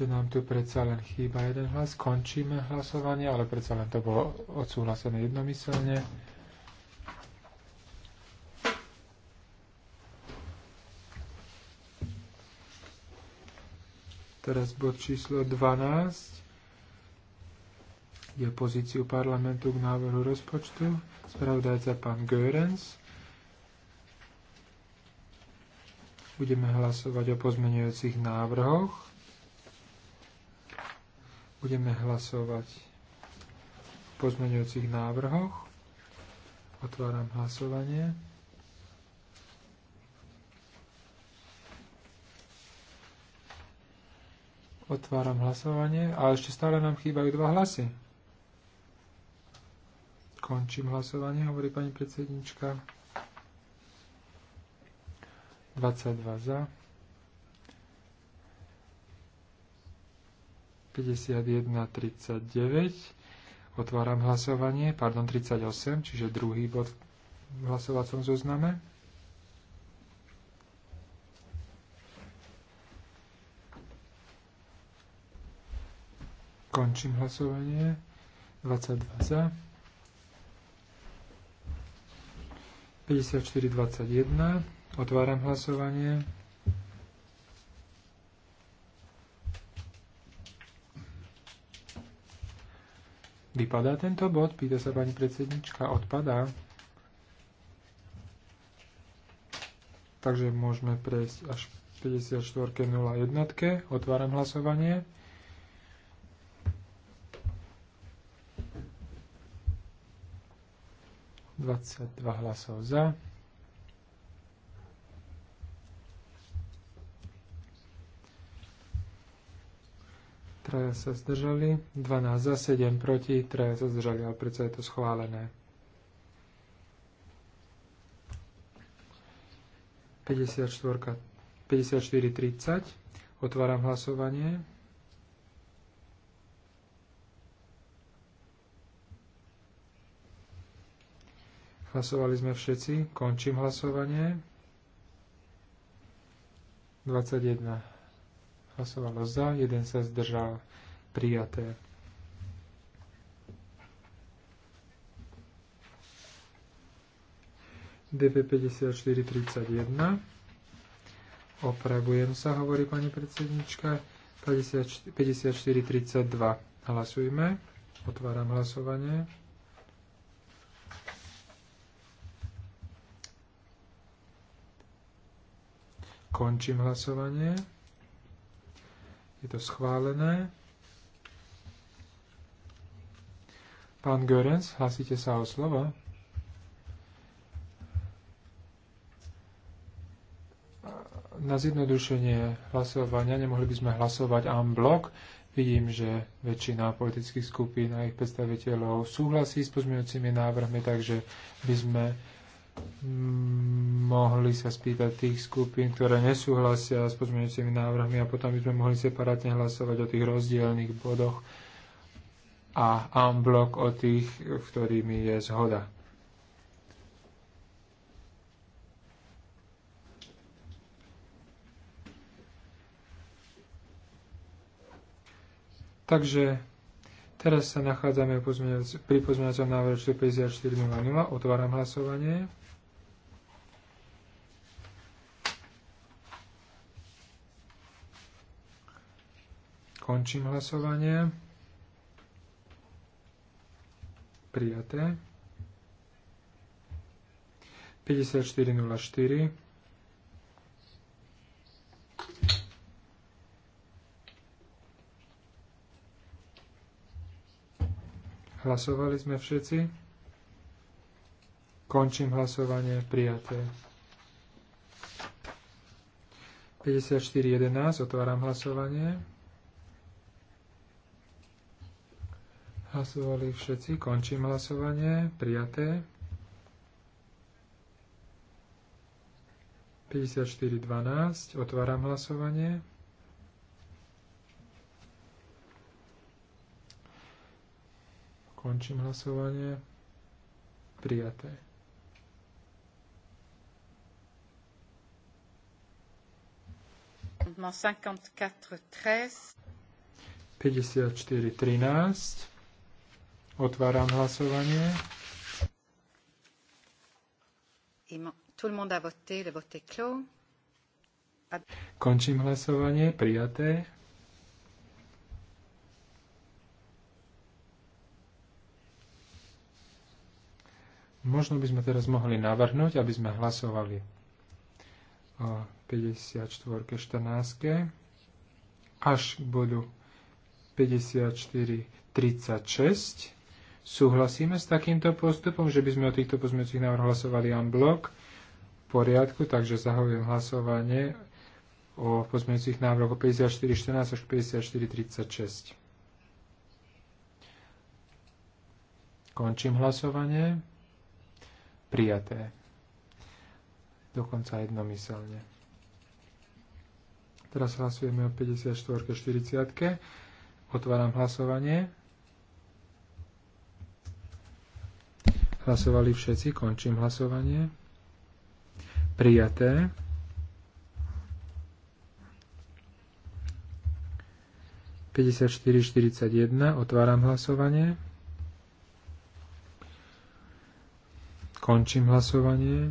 ešte nám tu predsa len chýba jeden hlas. Končíme hlasovanie, ale predsa len to bolo odsúhlasené jednomyselne. Teraz bod číslo 12 je pozíciu parlamentu k návrhu rozpočtu. Spravodajca pán Görens. Budeme hlasovať o pozmeňujúcich návrhoch. Budeme hlasovať v pozmeňujúcich návrhoch. Otváram hlasovanie. Otváram hlasovanie. A ešte stále nám chýbajú dva hlasy. Končím hlasovanie, hovorí pani predsednička. 22 za. 51.39. Otváram hlasovanie, pardon, 38, čiže druhý bod v hlasovacom zozname. Končím hlasovanie. 22 za. 54, 21, Otváram hlasovanie. Vypadá tento bod? Pýta sa pani predsednička. Odpadá. Takže môžeme prejsť až 54.01. Otváram hlasovanie. Dvadsať dva hlasov za. traja sa zdržali, 12 za 7 proti, traja sa zdržali, ale predsa je to schválené. 54, 54.30. Otváram hlasovanie. Hlasovali sme všetci. Končím hlasovanie. 21 hlasovalo za, jeden sa zdržal prijaté. DP 5431. Opravujem sa, hovorí pani predsednička. 5432. Hlasujme. Otváram hlasovanie. Končím hlasovanie. Je to schválené. Pán Görens, hlasíte sa o slovo? Na zjednodušenie hlasovania nemohli by sme hlasovať en blok. Vidím, že väčšina politických skupín a ich predstaviteľov súhlasí s pozmeňujúcimi návrhmi, takže by sme mohli sa spýtať tých skupín, ktoré nesúhlasia s pozmeňujúcimi návrhmi a potom by sme mohli separátne hlasovať o tých rozdielných bodoch a unblock o tých, v ktorými je zhoda. Takže teraz sa nachádzame pri pozmeňovacom návrhu 54.00. Otváram hlasovanie. Končím hlasovanie. Prijaté. 5404. Hlasovali sme všetci. Končím hlasovanie. Prijaté. 54.11. Otváram hlasovanie. Hlasovali všetci. Končím hlasovanie. Prijaté. 54.12. Otváram hlasovanie. Končím hlasovanie. Prijaté. Amendement 54.13. Otváram hlasovanie. Končím hlasovanie. Prijaté. Možno by sme teraz mohli navrhnúť, aby sme hlasovali o 54. 14. až budú bodu 54.36. Súhlasíme s takýmto postupom, že by sme o týchto pozmeňujúcich návrhoch hlasovali en blok? V poriadku, takže zahovujem hlasovanie o pozmeňujúcich návrhoch 54.14 až 54.36. Končím hlasovanie. Prijaté. Dokonca jednomyselne. Teraz hlasujeme o 54.40. Otváram hlasovanie. Hlasovali všetci, končím hlasovanie. Prijaté. jedna, otváram hlasovanie. Končím hlasovanie.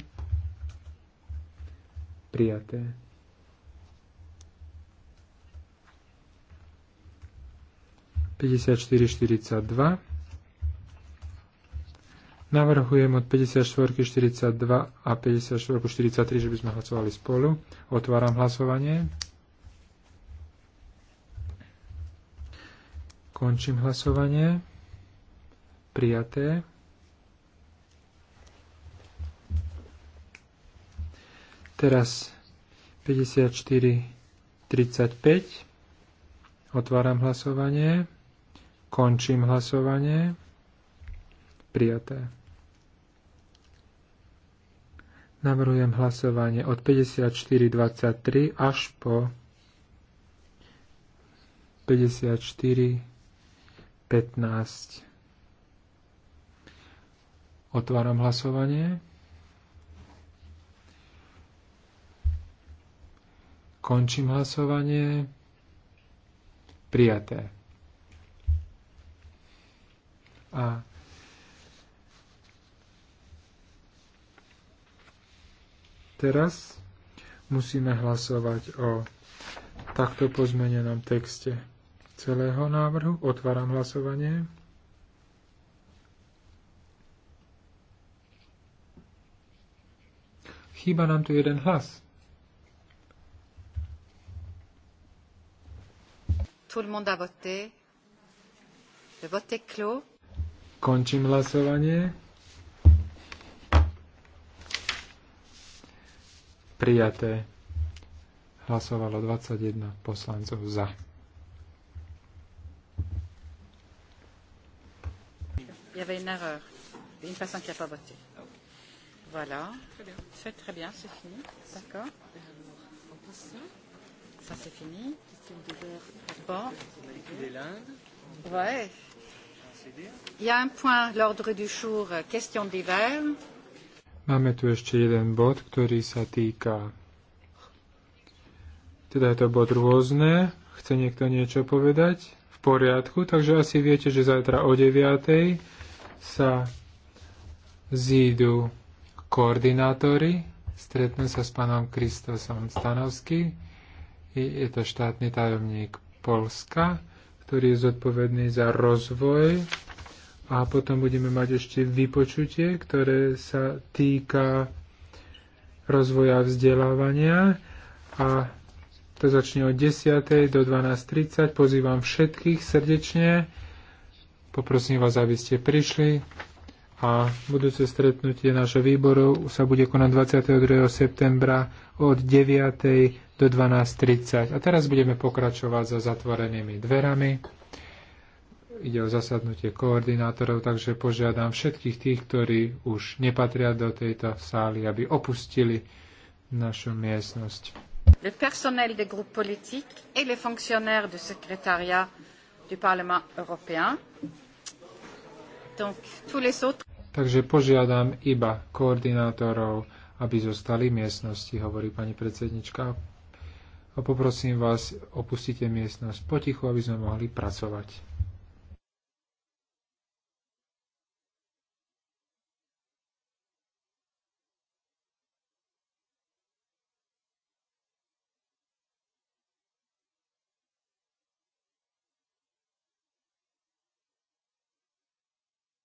Prijaté. Päťdesiat štyri dva. Navrhujem od 54, 42 a 54, 43, že by sme hlasovali spolu. Otváram hlasovanie. Končím hlasovanie. Prijaté. Teraz 54, 35. Otváram hlasovanie. Končím hlasovanie. Prijaté. Navrhujem hlasovanie od 54.23 až po 54.15. Otváram hlasovanie. Končím hlasovanie. Prijaté. A Teraz musíme hlasovať o takto pozmenenom texte celého návrhu. Otváram hlasovanie. Chýba nám tu jeden hlas. Tout le monde a voté. Le vote est clos. Končím hlasovanie. prijaté. Hlasovalo 21 poslancov za. Il y avait une erreur. Une personne qui n'a pas voté. Voilà. C'est très bien, c'est fini. D'accord. Ça, c'est fini. Bon. Ouais. Il y a un point, l'ordre du jour, question d'hiver. Máme tu ešte jeden bod, ktorý sa týka... Teda je to bod rôzne. Chce niekto niečo povedať? V poriadku. Takže asi viete, že zajtra o 9.00 sa zídu koordinátori. Stretnú sa s pánom Kristosom Stanovským. Je to štátny tajomník Polska, ktorý je zodpovedný za rozvoj a potom budeme mať ešte vypočutie, ktoré sa týka rozvoja vzdelávania a to začne od 10. do 12.30. Pozývam všetkých srdečne. Poprosím vás, aby ste prišli a budúce stretnutie nášho výboru sa bude konať 22. septembra od 9. do 12.30. A teraz budeme pokračovať za zatvorenými dverami ide o zasadnutie koordinátorov, takže požiadam všetkých tých, ktorí už nepatria do tejto sály, aby opustili našu miestnosť. Le personnel des groupes politiques et les fonctionnaires du secrétariat du Parlement européen. Donc, tous les autres... Takže požiadam iba koordinátorov, aby zostali v miestnosti, hovorí pani predsednička. A poprosím vás, opustite miestnosť potichu, aby sme mohli pracovať.